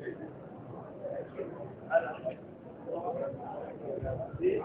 Thank you.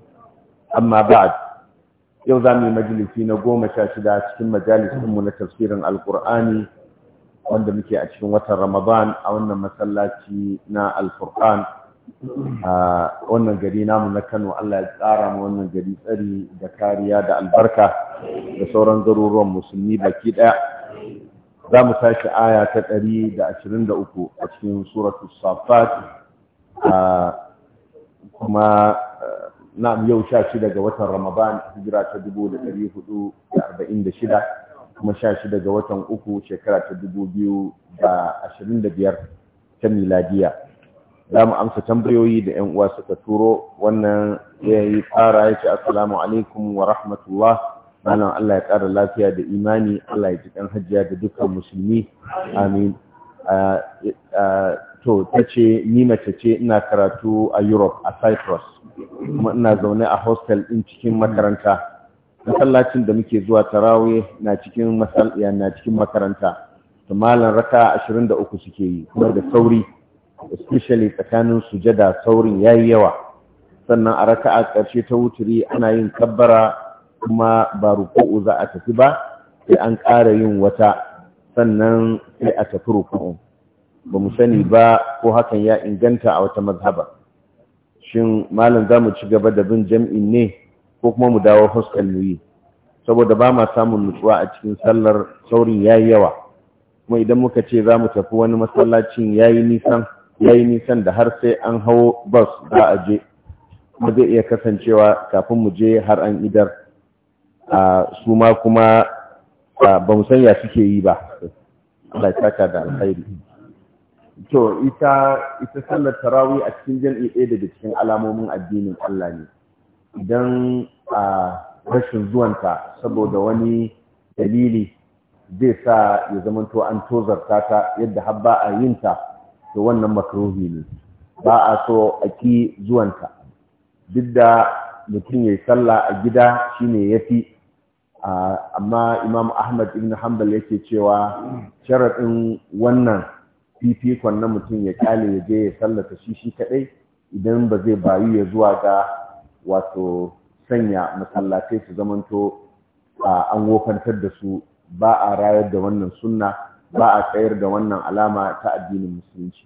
amma ba'd yau za mu yi majalisi na goma sha shida cikin majalisunmu na tafsirin alkur'ani wanda muke a cikin watan ramadan a wannan masallaci na alfurqan a wannan gari namu na kano allah ya tsara mu wannan gari tsari da kariya da albarka da sauran garuruwan musulmi baki daya za mu tashi aya ta ɗari da ashirin da uku a cikin suratu safat kuma na'am yau sha shida ga watan Ramadan hijira ta dubu da ɗari hudu da arba'in da shida kuma sha shida ga watan uku shekara ta dubu biyu da ashirin da biyar ta miladiya. Za mu amsa tambayoyi da 'yan uwa suka turo wannan ya yi fara ya ce assalamu alaikum wa rahmatullah malam Allah ya ƙara lafiya da imani Allah ya ji kan da dukkan musulmi amin to ta ce ni mace ce ina karatu a Europe a Cyprus kuma ina zaune a hostel ɗin cikin makaranta masallacin da muke zuwa tarawe na cikin masalliya na cikin makaranta to malam raka 23 suke yi kuma da sauri especially tsakanin sujada saurin yayi yawa sannan a raka'a ƙarshe ta wuturi ana yin kabbara kuma ba ruku'u za a tafi ba sai an ƙara yin wata sannan sai a tafi ruku'u ba mu sani ba ko hakan ya inganta a wata mazhabar shin malam za mu ci gaba da bin jam'in ne ko kuma mu dawo huskar nuyi saboda ba ma samun nutsuwa a cikin sallar saurin ya yi yawa kuma idan muka ce za mu tafi wani masallacin ya yi nisan ya yi nisan da har sai an hau bas za a je kuma zai iya kasancewa kafin mu je har an idar a su ma kuma ba mu ya suke yi ba Allah ya saka da alkhairi to ita ita sallar tarawi a cikin jam'i ɗaya daga cikin alamomin addinin Allah ne idan a rashin zuwanta saboda wani dalili zai sa ya zamanto an tozarta ta yadda har ba a yin ta to wannan makruhi ne ba a so a ki zuwanta duk da mutum ya yi sallah a gida shine yafi amma imam ahmad ibn hanbal yake cewa sharaɗin wannan fifikon na mutum ya kyale ya je ya sallata shi shi kadai idan ba zai bayu ya zuwa ga wato sanya masallatai su zamanto an wofantar da su ba a rayar da wannan sunna ba a tsayar da wannan alama ta addinin musulunci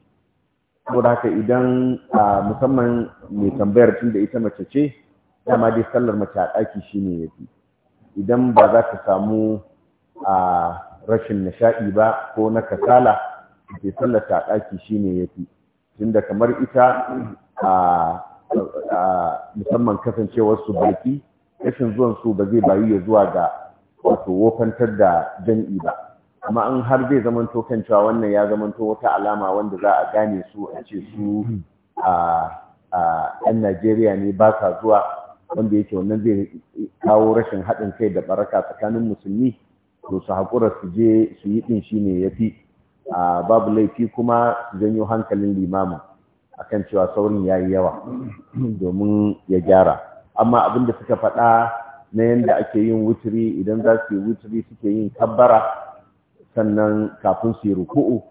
saboda haka idan musamman mai tambayar tun da ita mace ce dama dai sallar mace a ɗaki shine yafi idan ba za ta samu a rashin nishaɗi ba ko na kasala ke sallata a ɗaki ne ya fi tunda kamar ita a musamman kasancewar su baki rashin zuwan su ba zai bayu ya zuwa ga wato wofantar da jan'i ba amma an har zai zamanto kan cewa wannan ya zamanto wata alama wanda za a gane su a ce su a yan Najeriya ne ba sa zuwa wanda yake wannan zai kawo rashin haɗin kai da baraka tsakanin musulmi to su haƙura su je su yi ɗin shi ne ya fi babu laifi kuma janyo hankalin limamin akan cewa saurin ya yi yawa domin ya gyara amma abin da suka faɗa na yadda ake yin wuturi idan za su yi wuturi suke yin kabbara sannan kafin su yi ruku'u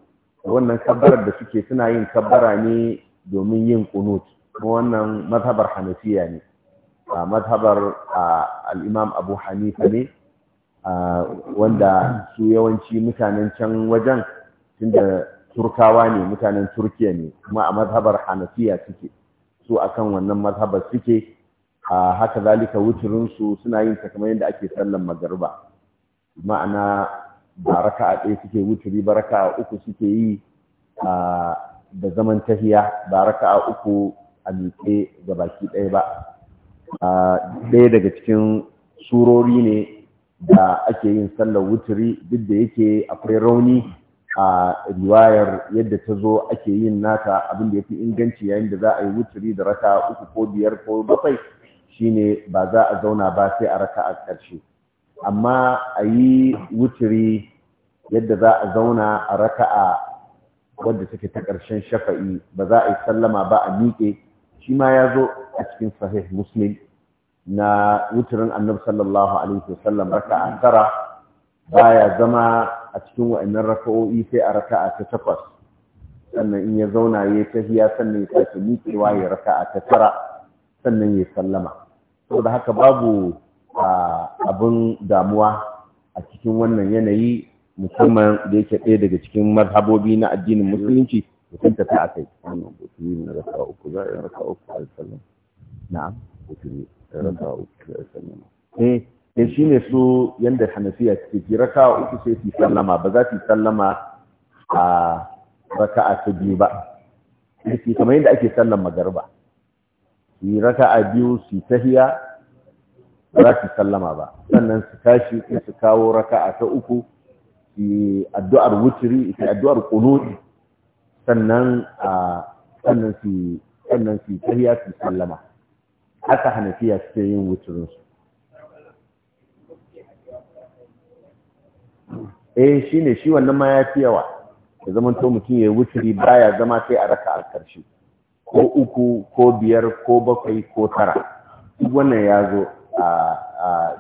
wannan kabbarar da suke suna yin kabbara ne domin yin kunut kuma wannan mazhabar hanafiya ne a mazhabar al'imam abu hanifa ne wanda su yawanci mutanen can wajen tunda turkawa ne mutanen turkiya ne kuma a mazhabar hanafiya suke su akan wannan mazhabar suke a haka zalika wuturinsu suna yin ta kamar yadda ake sallan magarba ma'ana ba a ɗaya suke wuturi ba a uku suke yi da zaman tahiya ba raka'a uku a miƙe ga baki ɗaya ba a ɗaya daga cikin surori ne da ake yin sallar wuturi duk da yake akwai rauni a riwayar yadda ta zo ake yin nata abin da ya fi inganci yayin da za a yi wuturi da raka uku ko biyar ko bakwai shine ba za a zauna ba sai a raka a ƙarshe amma a yi wuturi yadda za a zauna a raka a wadda take ta ƙarshen shafa'i ba za a yi sallama ba a miƙe shi ma ya zo a cikin sahih muslim na wuturin annabi sallallahu alaihi wasallam raka a tara baya zama a cikin wa'annan raka'o'i sai a raka'a ta takwas sannan in ya zauna ya yi tahiya sannan ya sake miƙewa ya raka'a ta tara sannan ya sallama saboda haka babu abin damuwa a cikin wannan yanayi musamman da yake ɗaya daga cikin mazhabobi na addinin musulunci mutum ta ta akai wannan butumi na raka uku za a raka uku a sallam na'am butumi raka uku a sallam eh in eh, shi ne su yadda hanafiya suke ki raka uku sai su sallama ba za su sallama a a su biyu ba sai kamar yadda ake sallan magarba su a biyu su tahiya ba za su sallama ba sannan su tashi sai su kawo a ta uku su addu'ar wuturi su addu'ar qunut sannan a sannan su sannan su tahiya su sallama haka hanafiya su yin wuturinsu eh shi ne shi wannan ma ya fi yawa ya zama to mutum ya wuturi baya zama sai a raka a ko uku ko biyar ko bakwai ko tara duk wannan ya zo a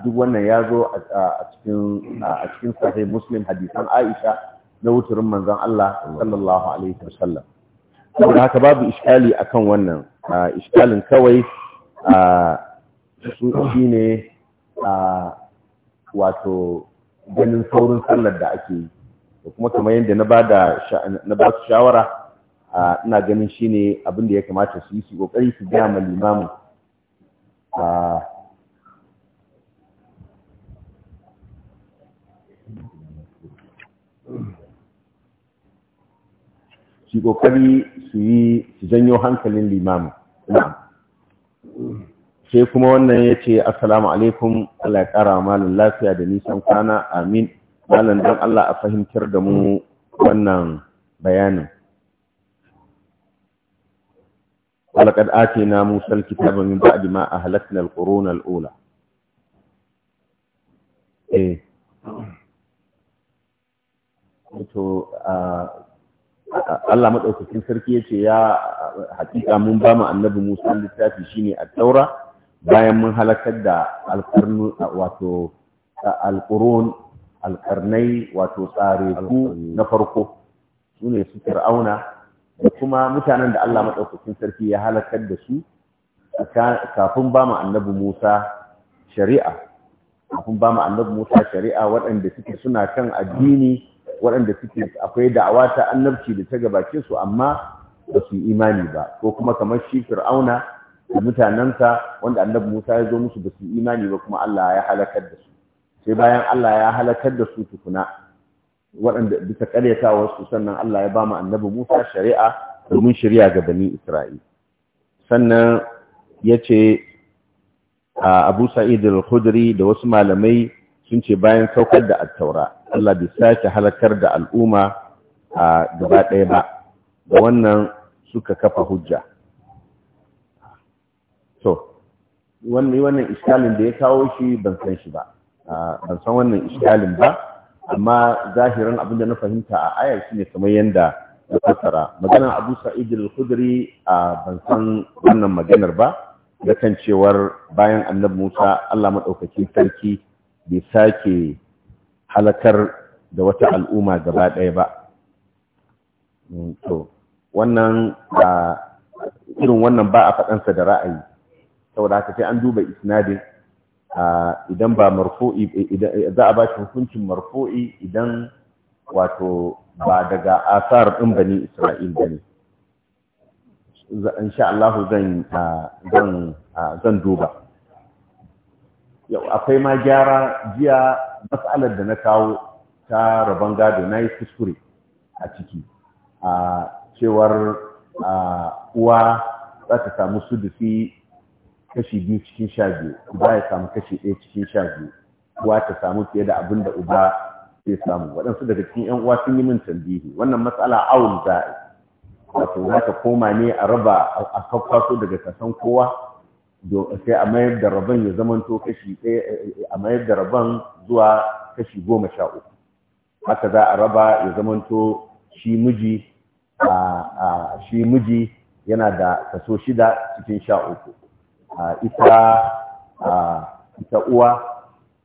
duk wannan ya zo a cikin a cikin sahih muslim hadisan aisha na wuturin manzon Allah sallallahu alaihi wasallam saboda haka babu iskali akan wannan iskalin kawai a su shine a wato ganin saurin sallar da ake yi da kuma kamar yadda na ba su shawara ina ganin shine abin da ya kamata su yi su kokari su gaya ma limamin su kokari su yi su janyo hankalin limamin sai kuma wannan ya ce assalamu alaikum Allah ya ƙara malin lafiya da nisan kwana amin malin don Allah a fahimtar da mu wannan bayanin ولقد آتينا موسى الكتاب من بعد ما أهلكنا القرون الأولى eh to Allah madaukakin sarki ya ce ya haƙiƙa mun ba mu annabi Musa littafi shine a taura bayan mun halakar da alƙarnu wato alƙurun alƙarnai wato tsare na farko su ne su fir'auna da kuma mutanen da Allah maɗaukakin sarki ya halakar da su kafin ba mu annabi Musa shari'a kafin ba mu annabi Musa shari'a waɗanda suke suna kan addini waɗanda suke akwai da'awa ta annabci da ta gabace su amma ba su imani ba ko kuma kamar shi fir'auna da mutanensa wanda annabi Musa ya zo musu da su imani ba kuma Allah ya halakar da su sai bayan Allah ya halakar da su tukuna waɗanda bisa ƙaryatawar su sannan Allah ya ba mu annabi Musa shari'a domin shari'a ga bani Isra'il sannan ya ce Abu Sa'id al-Khudri da wasu malamai sun ce bayan saukar da attaura taura Allah bai sake halakar da al'umma a gaba ɗaya ba da wannan suka kafa hujja wannan wannan iskalin da ya kawo shi ban san shi ba ban san wannan iskalin ba amma zahirin abin da na fahimta a ayar ne kamar yanda ya fassara maganar Abu Sa'id al-Khudri ban san wannan maganar ba da kan cewar bayan Annabi Musa Allah maɗaukaki sarki bai sake halakar da wata al'umma gaba ɗaya ba hmm, wannan irin wannan ba a faɗansa da ra'ayi saboda haka sai an duba isnadin idan ba marfu'i za a ba shi hukuncin marfu'i idan wato ba daga asar ɗin bani isra'il ba ne insha Allah zan duba yau akwai ma gyara jiya matsalar da na kawo ta rabon gado na yi kuskure a ciki a cewar uwa za ta samu sudufi kashi biyu cikin sha biyu uba ya samu kashi ɗaya cikin sha biyu uwa ta samu fiye da abin da uba zai samu waɗansu daga cikin ƴan uwa sun yi min tambihi wannan matsala awul za'i wato za ka koma ne a raba a kakkaso daga kasan kowa sai a mayar da rabon ya zamanto kashi ɗaya eh, a mayar da rabon zuwa kashi goma sha uku haka za a raba ya zamanto shi miji shi miji yana da kaso shida cikin sha uku ita ita uwa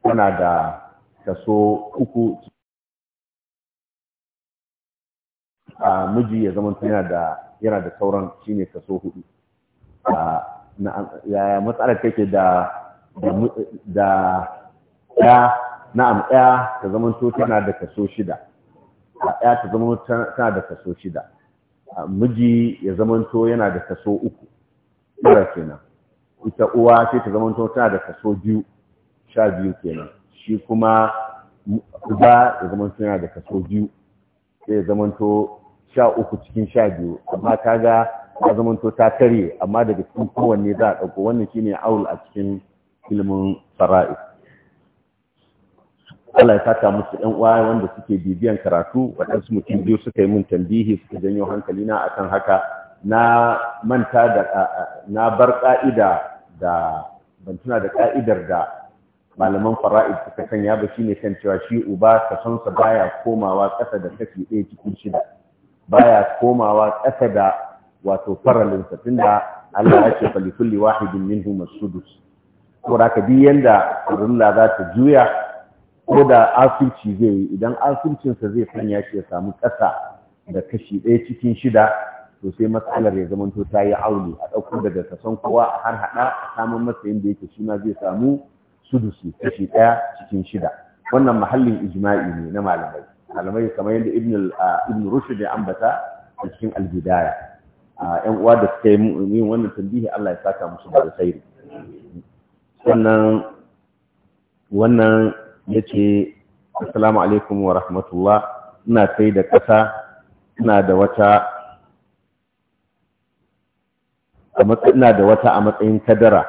tana da kaso uku a miji ya zama yana da yana da sauran shine kaso hudu yaya matsalar take da da ya na'am ya ta zama tana da kaso shida ya ta zama tana da kaso shida miji ya zama yana da kaso uku kira kenan ita uwa sai ta zama tana da kaso biyu sha biyu kenan shi kuma uba ya zama tana da kaso biyu sai ya zama to sha uku cikin sha biyu amma ta ga ta zama to ta karye amma daga cikin kowanne za a ɗauko wannan shine aul a cikin ilimin fara'i Allah ya saka musu ɗan uwa wanda suke bibiyan karatu waɗansu mutum biyu suka yi mun tambihi suka janyo hankalina akan haka na manta da na bar ka'ida da ban tuna da ka'idar da malaman fara'id suka sanya ba shine kan cewa shi uba sa baya komawa ƙasa da kafi ɗaya cikin shida baya komawa ƙasa da wato sa tunda Allah ya ce fa li kulli wahidin minhum as-sudus ko da ka bi yanda rulla za ta juya ko da asirci zai yi idan sa zai sanya shi ya samu ƙasa da kashi ɗaya cikin shida to sai matsalar ya zama to ta yi aure a ɗauko daga kason kowa a har haɗa a samun masa yadda yake shi ma zai samu sudusi kashi ɗaya cikin shida wannan mahallin ijma'i ne na malamai malamai kamar yadda ibn ibn rushd ya ambata a cikin al-bidaya ƴan uwa da suka yi wannan tambihi Allah ya saka musu da alkhairi sannan wannan yace assalamu alaikum wa rahmatullah ina sai da ƙasa ina da wata ina da wata a matsayin kadara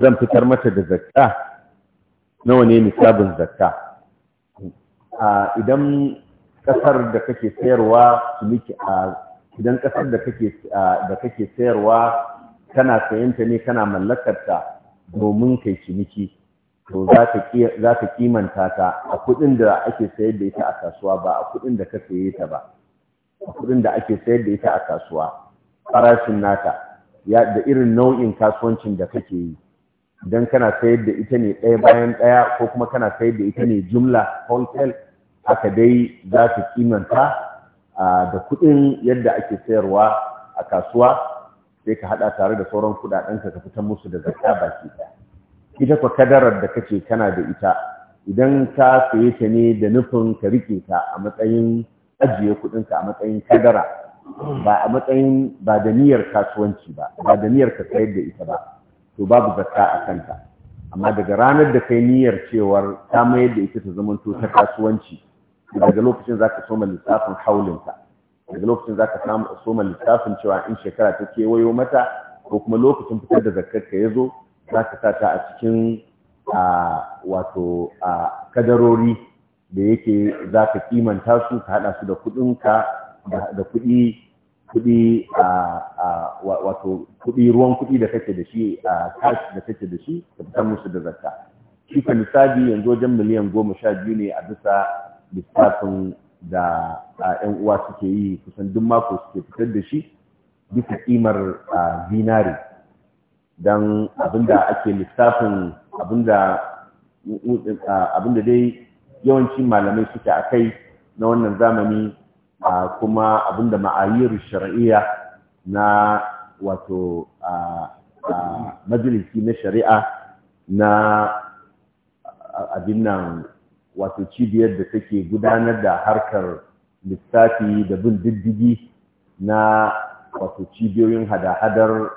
zan fitar mata da zakka nawa ne misabin zakka idan kasar da kake sayarwa idan kasar da kake da kake sayarwa kana sayanta ne kana mallakar ta domin kai ciniki to za ta kimanta ta a kudin da ake sayar da ita a kasuwa ba a kudin da ka saye ta ba a kudin da ake sayar da ita a kasuwa farashin nata da irin nau'in kasuwancin da kake yi idan kana sayar da ita ne ɗaya bayan ɗaya ko kuma kana sayar da ita ne jumla wholesale Aka dai za su kimanta da kuɗin yadda ake sayarwa a kasuwa sai ka haɗa tare da sauran kuɗaɗen ka ka fitar musu da zakka baki ɗaya ita kwa kadarar da kace kana da ita idan ka saye ta ne da nufin ka rike ta a matsayin ajiye kuɗinka a matsayin kadara ba a matsayin ba da niyyar kasuwanci ba ba da niyyar ka sayar da ita ba to babu zakka a kanta amma daga ranar da kai niyyar cewar ta mayar da ita ta zamanto ta kasuwanci daga lokacin za ka soma lissafin haulinta daga lokacin za ka soma lissafin cewa in shekara ta kewayo mata ko kuma lokacin fitar da zakarka ka yazo, za ka sa ta a cikin wato kadarori da yake za ka kimanta su ka haɗa su da ka da kuɗi kuɗi a wato kuɗi ruwan kuɗi da kake da shi a cash da kake da shi ka fitar musu da zakka shi ka lissafi yanzu wajen miliyan goma sha biyu ne a bisa lissafin da yan uwa suke yi kusan duk mako suke fitar da shi bisa kimar zinari don abinda ake lissafin abinda abinda dai yawancin malamai suke a kai na wannan zamani kuma abinda ma'ayiru shari'a na wato majalisi na shari'a na abin nan wato cibiyar da take gudanar da harkar lissafi da bin diddigi na wato cibiyoyin hada-hadar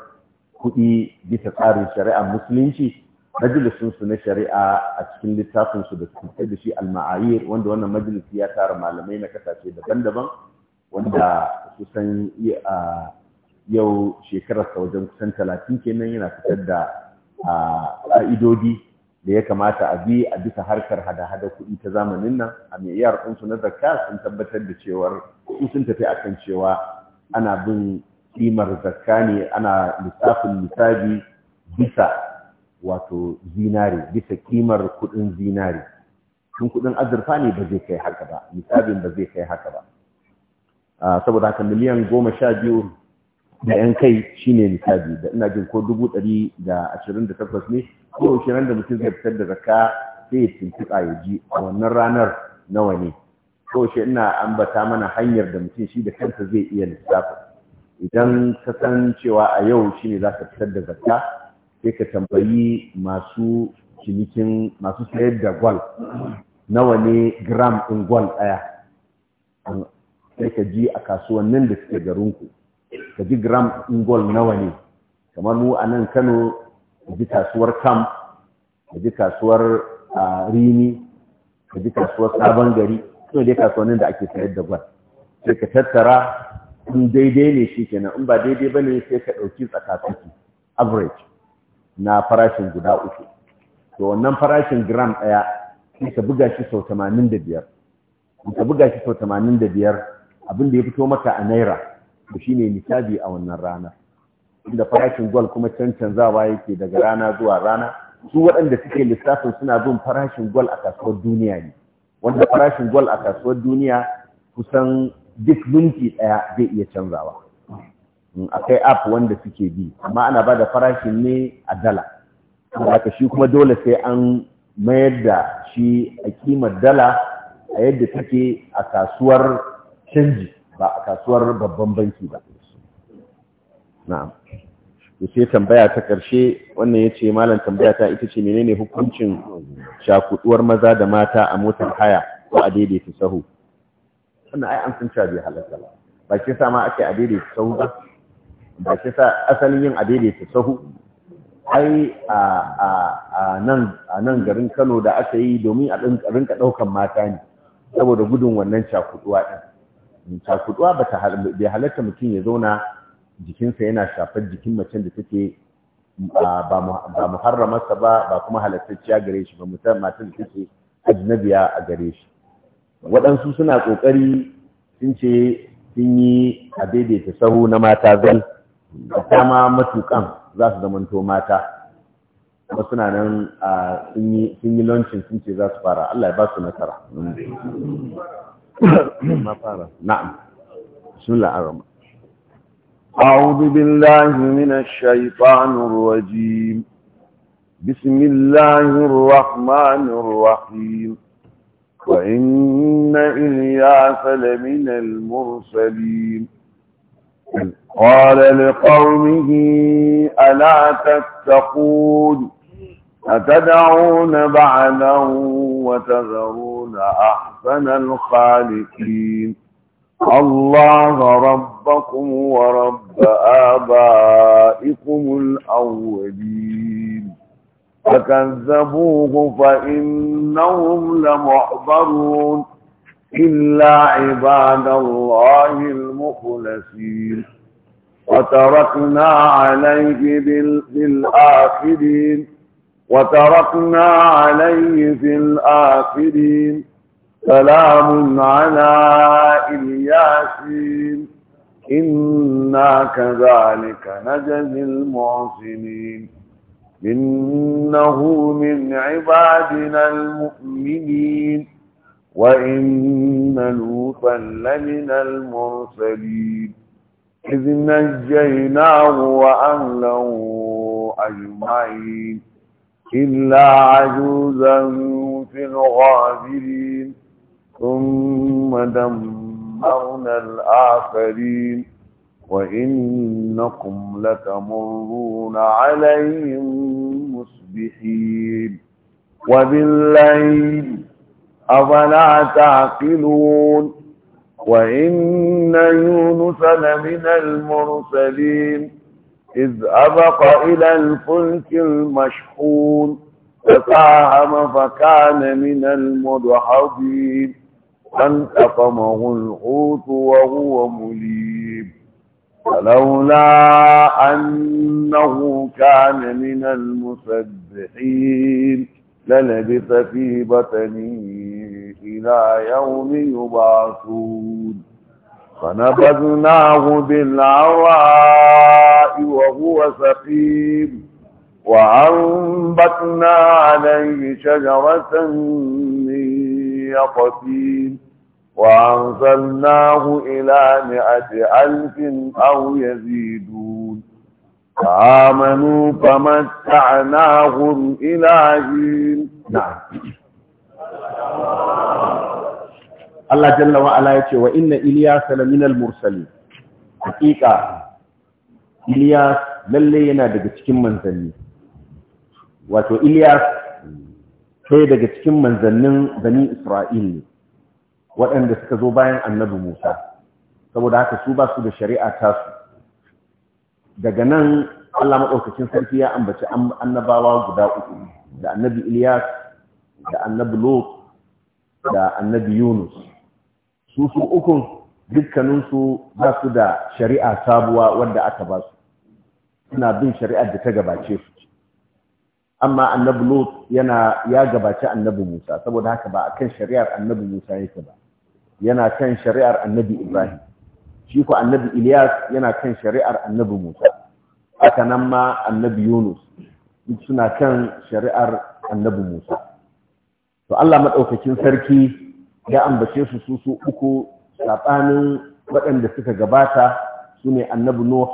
kuɗi bisa tsarin shari'ar musulunci majalisinsu na shari'a a cikin littafinsu da suke da shi al wanda wannan majalisi ya tara malamai na kasashe daban-daban wanda kusan yau sa wajen kusan talatin kenan yana fitar da ƙa'idodi da ya kamata a bi a bisa harkar hada-hada kuɗi ta zamanin nan a maiyar na zakka sun tabbatar da cewar su sun tafi a kan cewa ana bin kimar zakka ne ana lissafin lissafi bisa wato zinari bisa kimar kudin zinari tun kudin azurfa ne ba zai kai haka ba misalin ba zai kai haka ba saboda haka miliyan goma sha biyu da yan kai shi ne misali da ina jin ko dubu ɗari da ashirin da takwas ne ko shirin da mutum zai fitar da zakka sai ya tuntuɓa ya ji a wannan ranar nawa ne ko shi ina ambata mana hanyar da mutum shi da kansa zai iya lissafa idan ka san cewa a yau shi ne za ka fitar da zakka sai ka tambayi masu cinikin masu sayar da gwal nawa ne gram ɗin gwal ɗaya sai ka ji a kasuwannin da suke garinku ka ji gram ɗin gwal nawa ne kamar mu a nan kano ka ji kasuwar kam ka ji kasuwar rini ka ji kasuwar sabon gari suna dai kasuwannin da ake sayar da gwal sai ka tattara in daidai ne shi kenan in ba daidai ba ne sai ka ɗauki tsakatsaki average na farashin guda uku to wannan farashin gram ɗaya sai ka buga shi sau tamanin da biyar in ka buga shi sau tamanin da biyar abin da ya fito maka a naira to shine nisabi a wannan rana. inda farashin gwal kuma cancanzawa yake daga rana zuwa rana su waɗanda suke lissafin suna bin farashin gwal a kasuwar duniya ne wanda farashin gwal a kasuwar duniya kusan duk minti ɗaya zai iya canzawa akwai app wanda suke bi amma ana ba farashin ne a dala haka shi kuma dole sai an mayar da shi a kimar dala a yadda take a kasuwar canji ba a kasuwar babban banki ba na'am to sai tambaya ta karshe wannan ya ce malam tambaya ta ita ce menene hukuncin shakuduwar maza da mata a motar haya ko a daidaita sahu wannan ai an tunta bai halatta ba ba ke sama ake a daidaita sahu ba ba shi asalin yin ta sahu ai a nan garin kano da aka yi domin a rinka ɗaukan mata ne saboda gudun wannan cakuduwa ɗin cakuduwa ba ta halatta mutum ya zauna jikinsa yana shafar jikin macen da take ba mu muharramarsa ba ba kuma halattacciya gare shi ba mutum matan da take ajinabiya a gare shi waɗansu suna ƙoƙari sun ce sun yi a daidaita sahu na mata zai da kama matukan za su zamanto mata kuma suna nan a sun yi launcin sun ce za su fara Allah ya ba su nasara أعوذ بالله من الشيطان الرجيم بسم الله الرحمن الرحيم وإن إلياس لمن المرسلين قال لقومه ألا تتقون أتدعون بعدا وتذرون أحسن الخالقين الله ربكم ورب آبائكم الأولين فكذبوه فإنهم لمحضرون إلا عباد الله المخلصين وتركنا عليه بالآخرين وتركنا عليه في الآخرين سلام على الياسين إنا كذلك نجزي المعصمين إنه من عبادنا المؤمنين وإن لوطا لمن المرسلين إذ نجيناه وأهله أجمعين إلا عجوزا في الغابرين ثم دمرنا الآخرين وإنكم لتمرون عليهم مصبحين وبالليل أفلا تعقلون وإن يونس لمن المرسلين إذ أبق إلى الفلك المشحون فساهم فكان من المدحضين فانتقمه الحوت وهو مليم فلولا أنه كان من المسبحين للبث في بطنه إلى يوم يبعثون فنبذناه بالعراء وهو سقيم وأنبتنا عليه شجرة من يقطين وأنزلناه إلى مئة ألف أو يزيدون فآمنوا فمتعناهم إلى حين نعم Allah jalla wa ya ce, wa inna Ilyas Mursali. minal mursalin hakika Ilyas yana daga cikin manzanni wato Ilyas sai daga cikin manzannin bani Isra'il ne waɗanda suka zo bayan Annabi Musa saboda haka su basu da shari'a tasu daga nan Allah maɗaukacin sarki ya ambaci annabawa guda uku da annabi Iliyas da annabi Lut da annabi Yunus su su ukun dukkaninsu ba su da shari'a sabuwa wadda aka ba su suna bin shari'ar da ta gabace su amma annabi Lut yana ya gabaci annabi Musa saboda haka ba a kan shari'ar annabi Musa yake ba yana kan shari'ar annabi Ibrahim shi ku annabi Ilyas yana kan shari'ar annabi Musa aka nan ma annabi Yunus suna kan shari'ar annabi Musa to Allah madaukakin sarki ya ambace su su su uku sabanin waɗanda suka gabata su ne annabi Nuh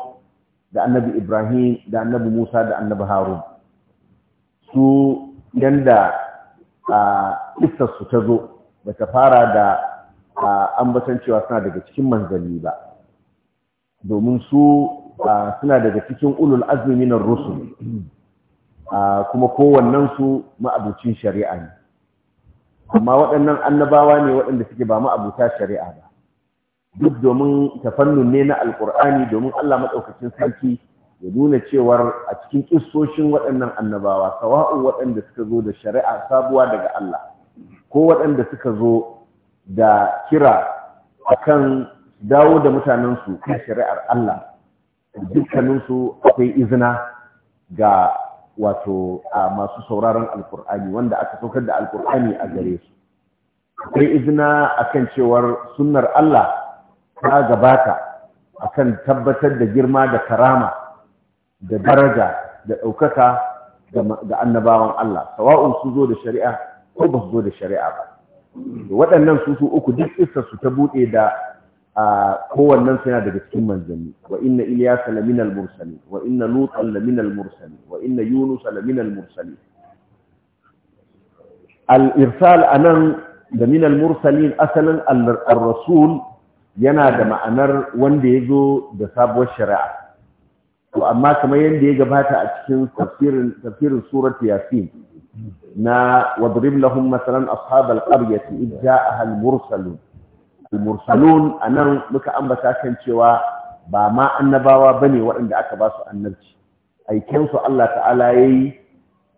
da annabi Ibrahim da annabi Musa da annabi Harun su yanda a su ta zo bata fara da ambatan cewa suna daga cikin manzanni ba domin su suna daga cikin ulul azumi na rusul kuma kowannen su ma'abucin shari'a ne amma waɗannan annabawa ne waɗanda suke ba ma'abuta shari'a ba duk domin tafannun ne na alkur'ani domin Allah maɗaukacin sarki ya nuna cewar a cikin kissoshin waɗannan annabawa sawa'u waɗanda suka zo da shari'a sabuwa daga Allah ko waɗanda suka zo da kira kan. dawo da mutanensu kan shari'ar Allah dukkaninsu akwai izina ga wato a masu sauraron alkur'ani wanda aka saukar da alkur'ani a gare su akwai izina akan cewar sunnar Allah ta gabata akan tabbatar da girma da karama da daraja da ɗaukaka ga annabawan Allah sawa'un su zo da shari'a ko ba su zo da shari'a ba waɗannan su su uku duk isar su ta buɗe da kowannen suna daga cikin manzanni wa inna ilyasa lamina al-mursali wa inna lutan al-mursali wa inna yunus lamina al-mursali al-irsal anan lamina al-mursalin asalin ar-rasul yana da ma'anar wanda ya zo da sabuwar shari'a to amma kamar yadda ya gabata a cikin tafsirin tafsirin surat yasin na wadrib lahum masalan ashabal al-qaryati idja'aha al-mursalun al-mursalun anan muka ambata kan cewa ba ma annabawa bane waɗanda aka ba su annabci aikin su Allah ta'ala yayi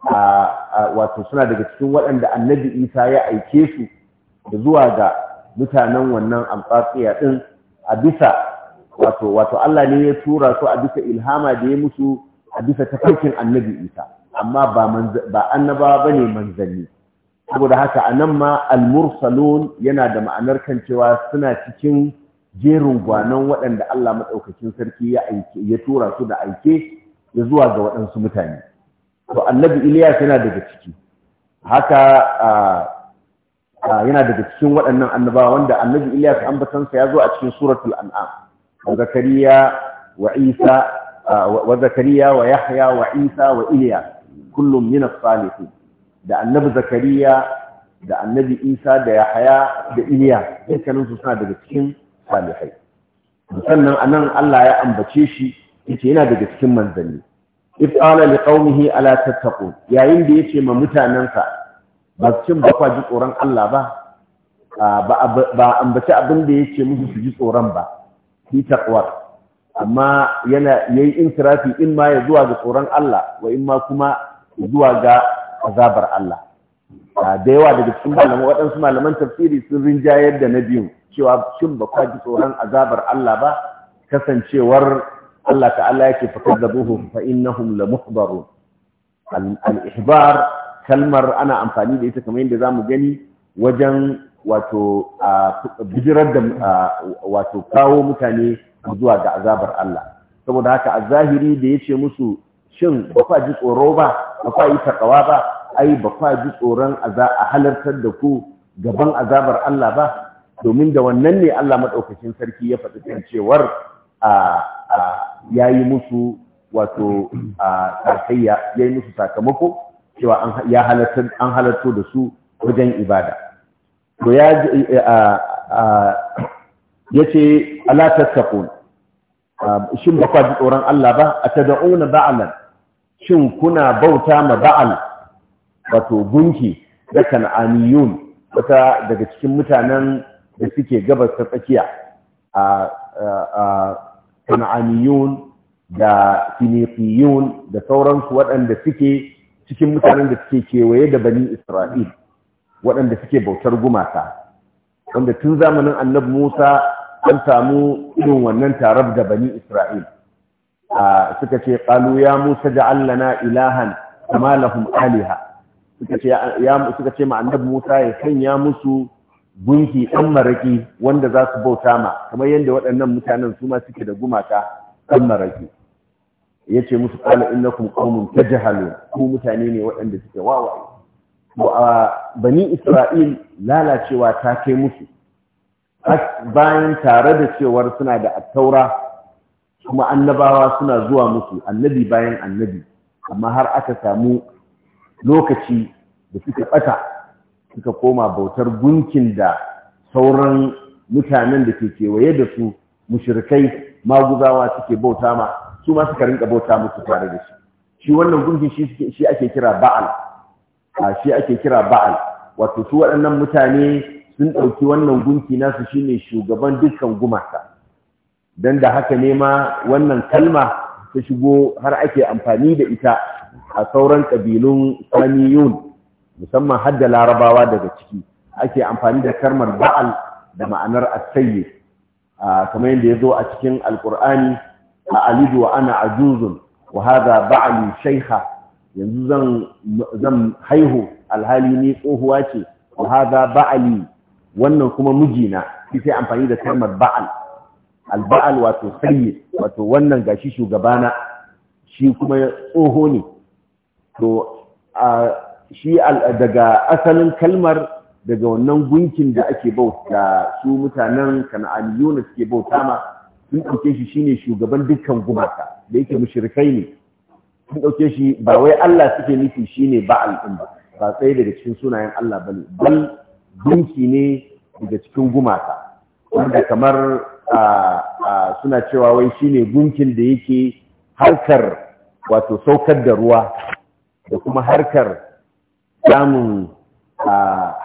a wato suna daga cikin waɗanda annabi Isa ya aike su da zuwa ga mutanen wannan amfatsiya din a bisa wato wato Allah ne ya tura su a bisa ilhama da ya musu a bisa tafarkin annabi Isa amma ba annabawa bane manzanni saboda haka a nan ma almursalon yana da ma'anar kan cewa suna cikin jerin gwanon waɗanda Allah maɗaukakin sarki ya tura su da aike ya zuwa ga waɗansu mutane. To annabi iliya yana daga ciki, haka yana daga cikin waɗannan annabawa wanda annabi Iliyas ambatansa ya zo a cikin suratul an'am wa zakariya wa wa yahya wa isa wa Iliya, kullum min as-salihin da annabi zakariya da annabi isa da yahaya da iliya su suna daga cikin salihai sannan anan Allah ya ambace shi yace yana daga cikin manzanni if qala liqaumihi ala tattaqun yayin da yace ma mutanansa ba cin ba ji tsoron Allah ba ba ambace abin da yace musu su ji tsoron ba fi taqwa amma yana yayi insirafi in ma ya zuwa ga tsoron Allah wa in ma kuma zuwa ga azabar Allah da yawa daga cikin malaman waɗansu malaman tafsiri sun rinjayar da na biyu cewa shin ba kwa ji tsoron azabar Allah ba kasancewar Allah ta'ala yake fakar da buhu fa innahum la muhbarun al-ihbar kalmar ana amfani da ita kamar yadda zamu gani wajen wato bijirar da wato kawo mutane zuwa ga azabar Allah saboda haka a zahiri da ya ce musu shin ba kwa ji tsoro ba ba kwa yi takawa ba ai ba kwa ji tsoron a halartar da ku gaban azabar Allah ba domin da wannan ne Allah maɗaukacin sarki ya faɗi kan cewar a yi musu wato ya yi musu sakamako cewa ya halartar an halarto da su wajen ibada to ya yace ala tattaqun shin ba kwa ji tsoron Allah ba A tada'una ba'alan shin kuna bauta ma ba'al wato gunki da kan'aniyun wata daga cikin mutanen da suke gabas ta tsakiya a kan'aniyun da finifiyun da sauransu waɗanda suke cikin mutanen da suke kewaye da bani isra'il waɗanda suke bautar gumata wanda tun zamanin annabi musa an samu irin wannan tarar da bani isra'il suka ce qalu ya musa ja'al lana ilahan kama lahum aliha suka ce ya suka ce ma annabi musa ya sanya musu gunki ɗan maraƙi wanda za su bauta ma kamar yadda waɗannan mutanen su ma suke da gumaka ɗan maraƙi ya ce musu ƙala innakum qaumun tajhalun ku mutane ne waɗanda suke wawaye to a bani isra'il lalacewa ta kai musu bayan tare da cewar suna da attaura kuma annabawa suna zuwa musu annabi bayan annabi amma har aka samu lokaci da suka ɓata suka koma bautar gunkin da sauran mutanen da ke kewaye da su mushrikai maguzawa suke bauta ma su ma suka rinka bauta musu tare da shi shi wannan gunkin shi ake kira ba'al a shi ake kira ba'al wato su waɗannan mutane sun ɗauki wannan gunki nasu shine shugaban dukkan gumata. don da haka ne ma wannan kalma ta shigo har ake amfani da ita a sauran ƙabilun samiyun musamman hadda larabawa daga ciki ake amfani da karmar ba'al da ma'anar asayi kamar yadda ya zo a cikin alkur'ani a alidu wa ana ajuzun wa haza ba'ali shaiha yanzu zan haihu alhali ni tsohuwa ce wa haza ba'ali wannan kuma mijina sai amfani da karmar ba'al alba'al wato sayyi wato wannan gashi shugabana shi kuma tsoho ne to a shi daga asalin kalmar daga wannan gunkin da ake bauta su mutanen kana'aniyu da suke bauta ma sun ɗauke shi shine shugaban dukkan gumaka da yake mushrikai ne sun ɗauke shi ba wai Allah suke nufi shine ba'al din ba ba tsaye daga cikin sunayen Allah bane bal gunki ne daga cikin gumaka wanda kamar suna cewa wai shine gunkin da yake harkar wato saukar da ruwa da kuma harkar samun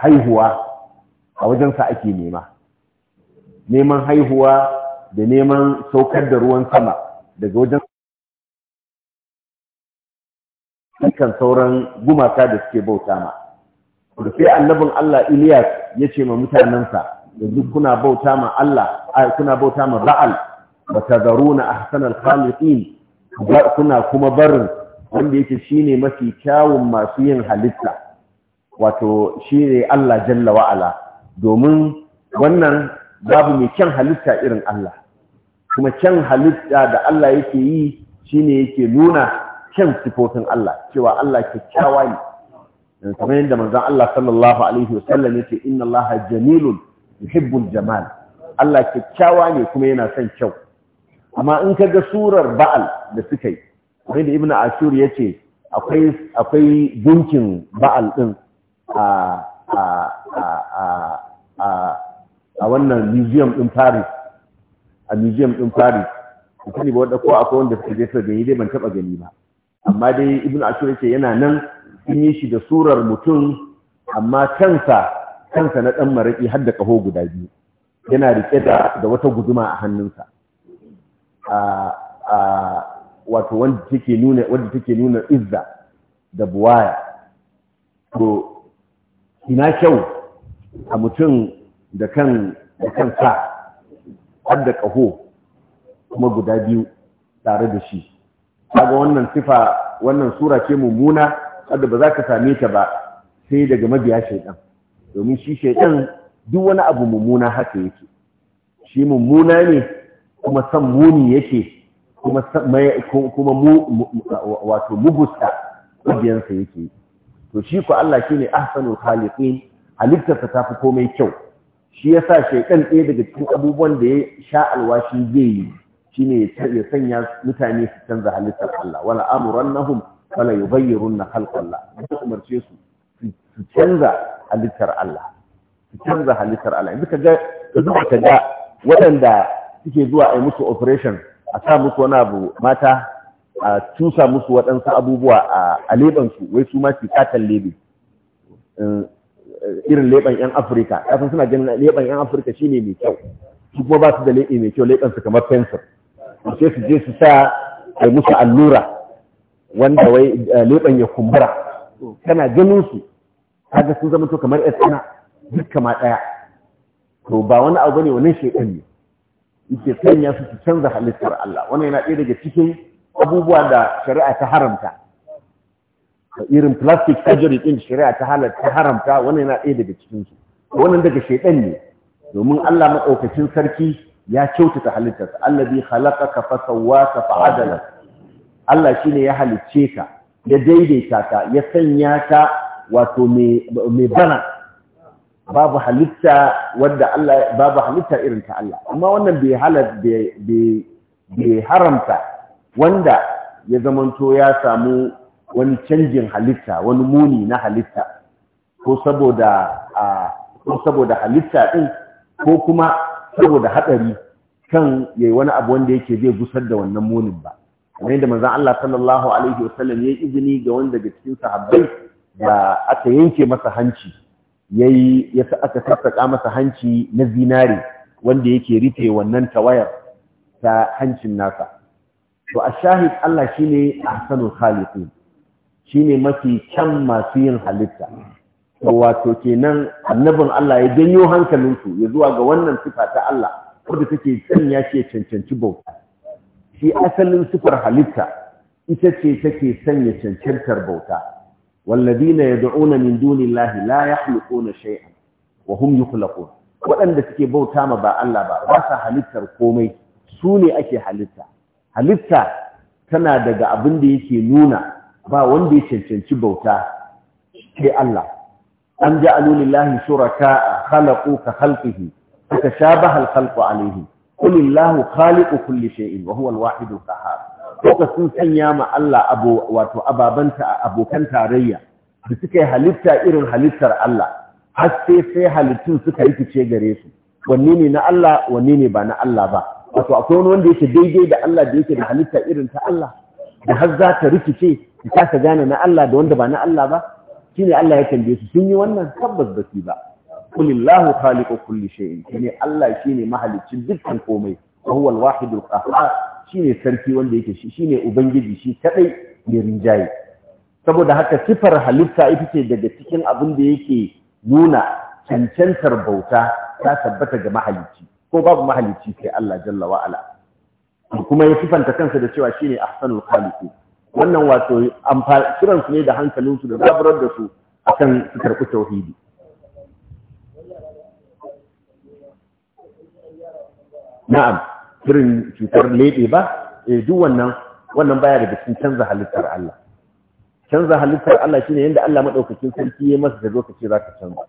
haihuwa a wajensa ake nema neman haihuwa da neman saukar da ruwan sama daga wajen kan sauran gumaka da suke bauta ma. Da sai annabin Allah Iliyas ya ce ma mutanensa, yanzu kuna bauta ma Allah kuna bauta ma Ba'al wa tadharuna ahsanal khaliqin kuna kuma barin wanda yake shine mafi kyawun masu yin halitta wato shine Allah jalla wa ala domin wannan babu mai kyan halitta irin Allah kuma kyan halitta da Allah yake yi shine yake nuna kyan sifofin Allah cewa Allah kyakkyawa ne kamar yadda manzon Allah sallallahu alaihi wasallam yace inna Allah jamilun yuhibbul jamal Allah kyakkyawa ne kuma yana son kyau amma in ka ga surar ba'al da suka yi wani da ibn ashur ya ce akwai gunkin ba'al ɗin a wannan museum ɗin paris a museum ɗin paris mutane ba wanda ko akwai wanda suka je suka dai ban taba gani ba amma dai ibn ashur ya ce yana nan sun yi shi da surar mutum amma kansa kansa na ɗan maraƙi har da ƙaho guda biyu yana riƙe da wata guduma a hannunsa wato wanda take nuna nuna izza da buwaya to ina kyau a mutum da kan da kan sa har ƙaho kuma guda biyu tare da shi kaga wannan sifa wannan sura ce mummuna wadda ba za ka same ta ba sai daga mabiya shaidan domin shi shaitan duk wani abu mummuna haka yake shi mummuna ne kuma san muni yake kuma kuma wato mugusta sa yake to shi ko Allah shine ahsanul khaliqin halittarsa ta fi komai kyau shi yasa shaitan ɗaya daga cikin abubuwan da ya sha alwashi zai yi shine ya sanya mutane su canza halittar Allah wala amurannahum wala yughayyirunna khalqa Allah umarce su su canza halittar Allah su canza halittar Allah yanzu ka ga ka ga waɗanda suke zuwa a yi musu operation a sa musu wani abu mata a cusa musu waɗansu abubuwa a leɓansu wai su ma su katan lebe eh, eh, irin leɓen 'yan afirka kafin suna ganin leɓen 'yan afirka shine mai kyau su kuma ba su da leɓe mai kyau leɓensu kamar fensir sai su je su sa a musu allura wanda wai eh, leɓen ya kumbura kana ganin su kaga sun zama to kamar ƴan duka ma ɗaya to ba wani abu ne wannan shaidan ne yake sanya su su canza halittar Allah wannan yana ɗaya daga cikin abubuwa da shari'a ta haramta irin plastic surgery din shari'a ta halatta haramta wannan yana ɗaya daga cikin su wannan daga shaidan ne domin Allah maɗaukacin sarki ya kyautata halittarsa allazi khalaqaka fa sawwaka fa adala Allah shine ya halicce ka ya daidaita ta ya sanya ta wato mai bana babu halitta wadda Allah babu halitta irin ta Allah amma wannan bai halar bai haramta wanda ya zamanto ya samu wani canjin halitta wani muni na halitta ko saboda ko saboda halitta din ko kuma saboda hadari kan yayi wani abu wanda yake zai gusar da wannan munin ba kamar da manzan Allah sallallahu alaihi wasallam ya yi izini ga wanda daga cikin sahabbai da aka yanke masa hanci yayi ya aka sassaka masa hanci na zinare wanda yake rufe wannan tawayar ta hancin nasa to a shahid Allah shi ne shine ahsanul shi ne mafi kyan masu yin halitta To wato kenan annabin Allah ya janyo hankalinsu ya zuwa ga wannan sifa ta Allah wadda take sanya shi ya cancanci bauta shi asalin sifar halitta ita ce take sanya cancantar bauta walladina yad'una min dunillahi la yakhluquna shay'an wa hum yukhlaqun waɗanda suke bauta ma ba Allah ba ba sa halittar komai su ne ake halitta halitta tana daga abin da yake nuna ba wanda ya cancanci bauta sai Allah an ja'alu lillahi shuraka khalaqu ka khalqihi fa tashabaha al-khalqu alayhi kulillahu khaliqu kulli shay'in wa huwa al-wahidul qahhar sun sanya ma Allah abu wato ababanta abokan tarayya da suka yi halitta irin halittar Allah har sai sai halittun suka rikice gare su wanne ne na Allah wanne ne ba na Allah ba wato akwai wani wanda yake daidai da Allah da yake da halitta irin ta Allah da har za ta rikice ta kasa gane na Allah da wanda ba na Allah ba shine Allah ya tambaye su sun yi wannan tabbas ba su ba kulillahu khaliqu kulli shay'in shine Allah shine mahalicin dukkan komai wa huwa al-wahidul qahhar shine sarki wanda yake shi shine ubangiji shi kadai mai rinjaye saboda haka sifar halitta ita ce daga cikin abin da yake nuna cancantar bauta ta tabbata ga mahalicci ko babu mahalicci sai Allah jalla wa ala kuma ya sifanta kansa da cewa shine ahsanul khaliqin wannan wato kiransu ne da hankalinsu da zaburar da su akan su karɓi tauhidi na'am irin cutar lebe ba e duk wannan wannan baya da cikin canza halittar Allah canza halittar Allah shine yanda Allah madaukakin sarki ya masa da lokaci zaka canza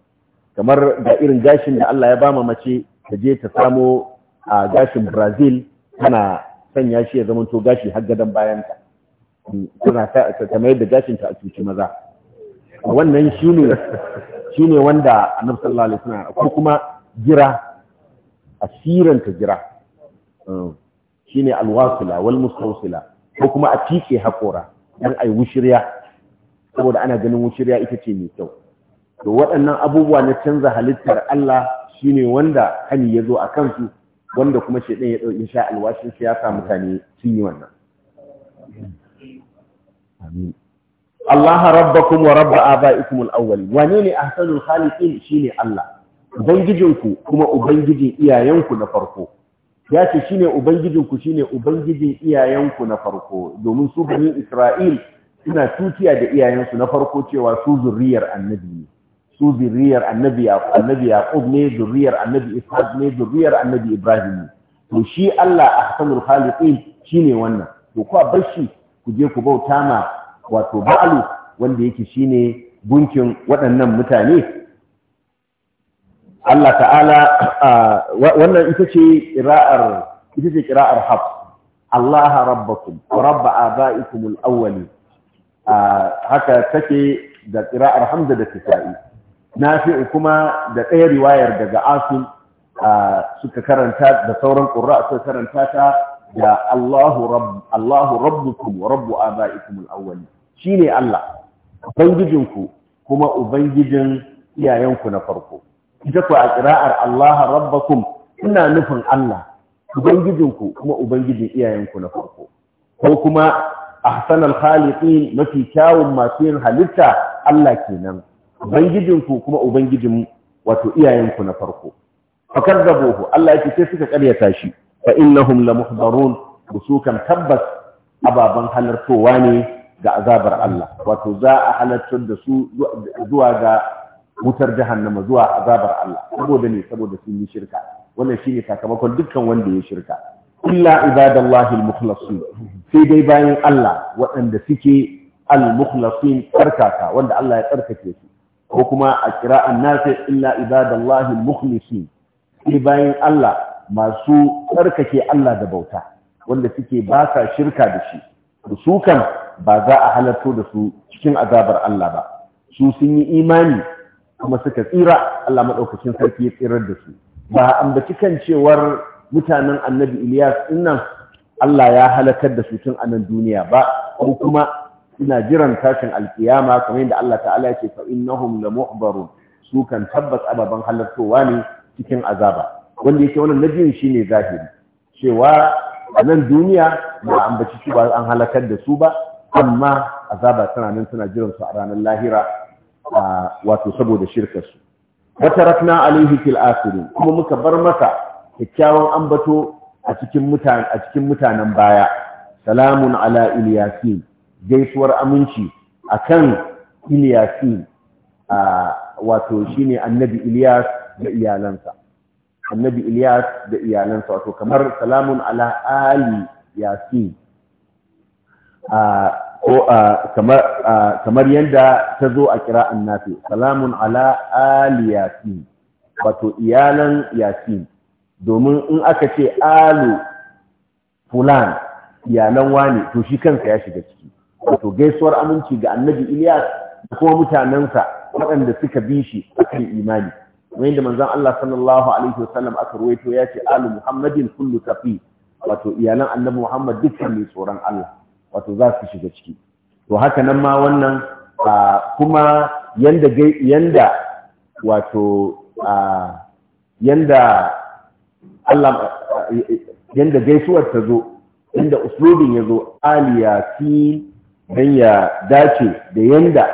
kamar da irin gashin da Allah ya bama mace ta je ta samo a gashin Brazil tana sanya shi ya zamanto gashi har gadan bayanta tana ta mayar da gashin ta a cuci maza wannan shine shine wanda Annabi sallallahu alaihi wasallam ko kuma jira a ta gira mm. shine alwasila wal mustawsila ko kuma a tike hakora dan ai wushirya saboda ana ganin wushirya ita ce mai kyau to waɗannan abubuwa na canza halittar Allah shine wanda hani yazo a kansu wanda kuma shi shedan ya in sha alwashin ya sa mutane sun yi wannan amin Allah rabbakum wa rabb abaikum al-awwal wane ne ahsanul khaliqin shine Allah ubangijinku kuma ubangijin iyayenku na farko ya ce shine ubangijinku shine ubangijin iyayenku na farko domin su bani Isra'il suna tutiya da iyayensu na farko cewa su zurriyar annabi ne su zurriyar annabi annabi Yaqub ne zurriyar annabi Ishaq ne zurriyar annabi Ibrahim to shi Allah a Hassanul ahsanul shi ne wannan to ku bashi ku je ku bauta ma wato ba'alu wanda yake shi ne gunkin waɗannan mutane Allah ta'ala wannan ita ce ƙira'ar ita ce ƙira'ar hafs Allah rabbakum wa rabba abaikum al-awwali haka take da ƙira'ar Hamza da Kisa'i nafi'u kuma da ɗaya riwayar daga Asim suka karanta da sauran ƙurra suka karanta ta da Allahu rabb Allahu rabbukum wa rabbu abaikum al-awwali shine Allah ubangijinku kuma ubangijin iyayenku na farko ita ku a ƙira'ar Allah rabbakum ina nufin Allah ubangijinku kuma ubangijin iyayenku na farko ko kuma ahsanal khaliqin mafi kyawun masu yin halitta Allah kenan ubangijinku kuma ubangijin wato iyayenku na farko da fakazzabuhu Allah yake sai suka karyata shi fa innahum lamuhdarun busukan tabbas ababen halartowa ne ga azabar Allah wato za a halartar da su zuwa ga wutar jahannama zuwa azabar Allah saboda ne saboda sun yi shirka wannan shine sakamakon dukkan wanda ya shirka illa ibadallahi almukhlasin sai dai bayan Allah waɗanda suke almukhlasin tsarkaka wanda Allah ya tsarkake su ko kuma a kira nafi illa ibadallahi almukhlasin sai bayan Allah masu tsarkake Allah da bauta wanda suke ba sa shirka da shi su kan ba za a halarto da su cikin azabar Allah ba su sun yi imani kuma suka tsira Allah maɗaukacin sarki ya tsirar da su ba ambaci kan cewar mutanen annabi iliyas dinnan Allah ya halakar da su tun a nan duniya ba ko kuma suna jiran tashin alkiyama kamar yadda Allah ta'ala ya ce fa innahum la muhbarun su kan tabbas ababan halartowa ne cikin azaba wanda yake wannan na biyun shine zahiri cewa a nan duniya ba ambaci su ba an halakar da su ba amma azaba tana nan tana jiran su a ranar lahira wato saboda shirkarsu rakna alaihi fil Asirin, kuma muka bar masa kyakkyawan ambato a cikin mutanen baya salamun ala Iliyasin, gaisuwar aminci akan Iliyasin, wato shi ne annabi Iliyas da iyalansa annabi Iliyas da iyalansa wato kamar salamun ala ali yasin ko kamar yadda ta zo a kira an nafi salamun ala ali yasin wato iyalan yasin domin in aka ce alu fulan iyalan wani to shi kansa ya shiga ciki wato gaisuwar aminci ga annabi iliya da kuma mutanensa waɗanda suka bi shi a akan imani wani da manzan Allah sallallahu alaihi wasallam aka ruwaito ya ce alu muhammadin kullu tafi wato iyalan annabi Muhammad dukkan mai tsoron Allah wato za su shiga ciki to haka nan ma wannan kuma yanda wato yanda Allah yanda gaisuwar ta zo inda uslubin ya zo fi dan ya dace da yanda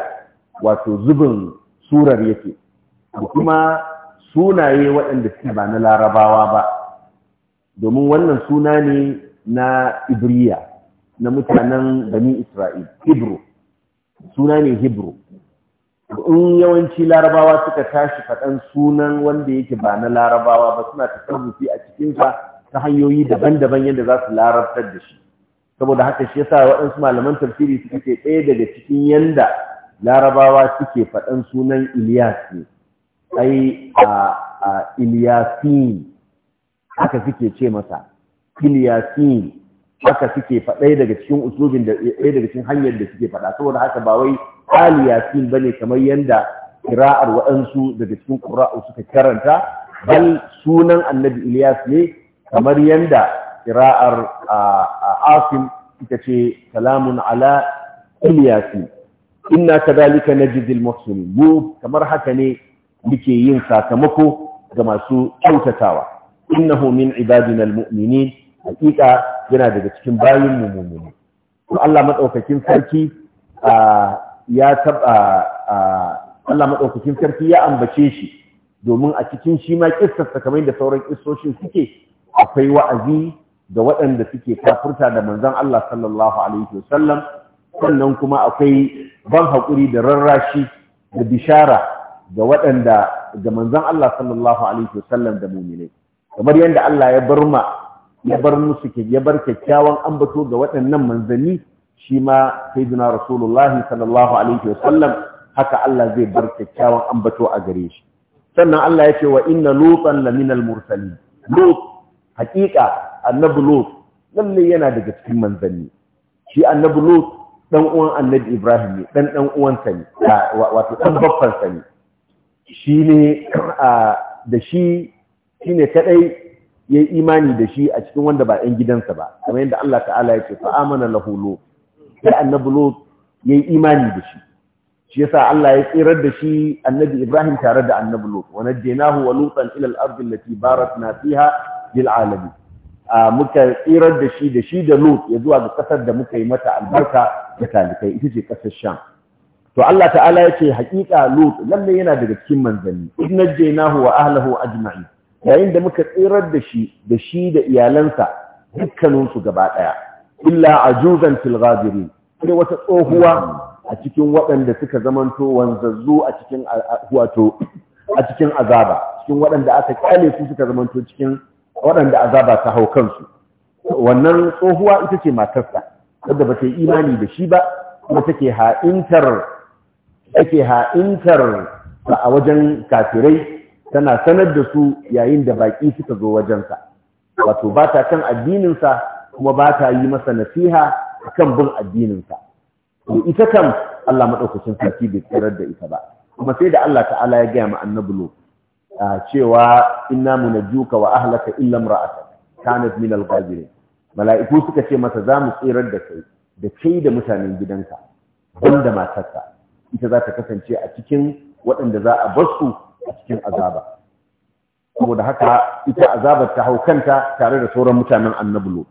wato zubin surar yake kuma sunaye waɗanda suke ba na larabawa ba domin wannan suna ne na ibriya na mutanen bani Isra'il, Hebrew, suna ne Hebrew. In yawanci larabawa suka tashi faɗan sunan wanda yake ba na larabawa ba suna tasarrufi a cikinsa ta hanyoyi daban-daban yadda za su larabtar da shi. Saboda haka shi yasa waɗansu malaman tafsiri suka ce ɗaya daga cikin yanda larabawa suke faɗan sunan Iliyas ne, ai a Iliyasin haka suke ce masa, Iliyasin haka suke faɗai daga cikin uslubin da ɗaya daga cikin hanyar da suke faɗa saboda haka ba wai ali yasin bane kamar yanda kira'ar waɗansu daga cikin ƙura'u suka karanta bal sunan annabi Ilyas ne kamar yanda kira'ar asim ita ce salamun ala Ilyasi inna kadhalika najzil muhsinin mu kamar haka ne muke yin sakamako ga masu kyautatawa innahu min ibadina almu'minin hakika yana daga cikin bayin mummuni Kuma Allah madaukakin sarki ya taba, Allah madaukakin sarki ya ambace shi domin a cikin shi ma kissarsa kamar da sauran kissoshin suke akwai wa'azi da waɗanda suke kafurta da manzon Allah sallallahu alaihi wasallam sannan kuma akwai ban haƙuri da rarrashi da bishara ga waɗanda ga manzon Allah sallallahu alaihi wasallam da mu'minai kamar yadda Allah ya bar ma ya bar musu ya bar kyakkyawan ambato ga waɗannan manzanni shi ma sayyidina rasulullahi sallallahu alaihi sallam. haka Allah zai bar kyakkyawan ambato a gare shi sannan Allah ya ce wa inna lutan laminal mursalin lut hakika annabi lut lalle yana daga cikin manzanni shi annabi lut dan uwan annabi ibrahim ne dan dan uwan sa ne wato dan babban sa ne shi ne da shi shine kadai ya yi imani da shi a cikin wanda ba ‘yan gidansa ba, kamar yadda Allah ta'ala ya ce, fa'amana lahulo, sai annabi Lot ya yi imani da shi. Shi yasa Allah ya tsirar da shi annabi Ibrahim tare da annabi Lot, wani jenahu wa lutsan ilal arzin lati barat na fiha bil alami. Muka tsirar da shi da shi da Lot ya zuwa ga ƙasar da muka yi mata albarka da talikai, ita ce ƙasar Sham. To Allah ta'ala ya ce, haƙiƙa Lot, lallai yana daga cikin manzanni, idnajenahu wa ahlahu ajma'in. yayin da muka tsirar da shi da shi da iyalansa dukkaninsu gaba ɗaya illa a jugan ghabirin sai wata tsohuwa a cikin waɗanda suka zamanto wanzazzu a cikin wato a cikin azaba cikin waɗanda aka kyale su suka zamanto cikin waɗanda azaba ta hau kansu wannan tsohuwa ita ce matarsa wadda ba ta yi imani da shi ba kuma take ha'intar take ha'intar a wajen kafirai tana sanar da su yayin da baƙi suka zo wajensa wato ba ta kan addininsa kuma ba ta yi masa nasiha kan bin addininsa to ita kam Allah maɗaukacin sarki bai tsirar da ita ba kuma sai da Allah ta'ala ya gaya ma annabi lo cewa inna munajjuka wa ahlaka illa imra'atak kanat min al-ghazirin mala'iku suka ce masa za mu tsirar da kai da kai da mutanen gidanka da matarka ita za ta kasance a cikin waɗanda za a su a cikin azaba saboda haka ita azaba ta hau kanta tare da sauran mutanen annabulo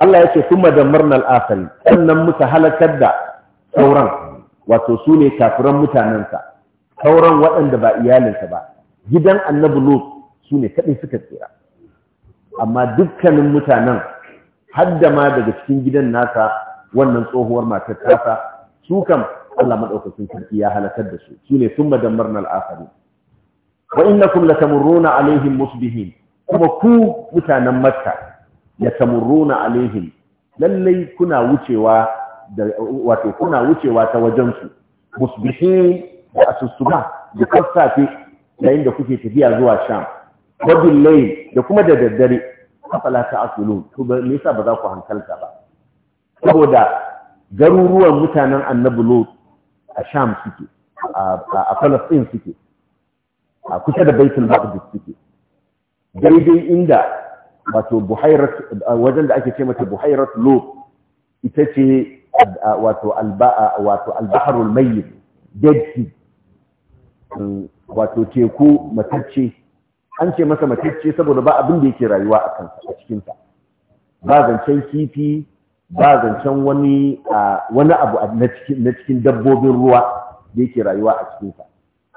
Allah ya ce kuma da murnal asali sannan muka halakar da sauran wato su ne kafiran mutanensa sauran waɗanda ba iyalinsa ba gidan annabulo su ne kaɗai suka tsira amma dukkanin mutanen hadda ma daga cikin gidan nasa wannan tsohuwar matar tasa su kam Allah madaukakin sarki ya halakar da su shine thumma dammarna al-akhirin wa innakum latamurruna alaihim musbihin kuma ku mutanen makka latamurruna alaihim lallai kuna wucewa da wato kuna wucewa ta wajen su musbihin da asusuba da kasafe yayin da kuke tafiya zuwa sham wa billayl da kuma da daddare afala ta'qilun to me yasa ba za ku hankalta ba saboda garuruwan mutanen annabi lut a sham suke a palestine suke a kusa da baitul maqdis suke daidai inda wato buhairat wajen da ake ce mata buhairat lo ita ce wato albaharul mayyit dead hmm, wato teku matacce an ce masa matacce saboda ba abin da yake rayuwa a kansa a cikin ba zancen kifi ba zancen wani abu na cikin dabbobin ruwa da yake rayuwa a cikinsa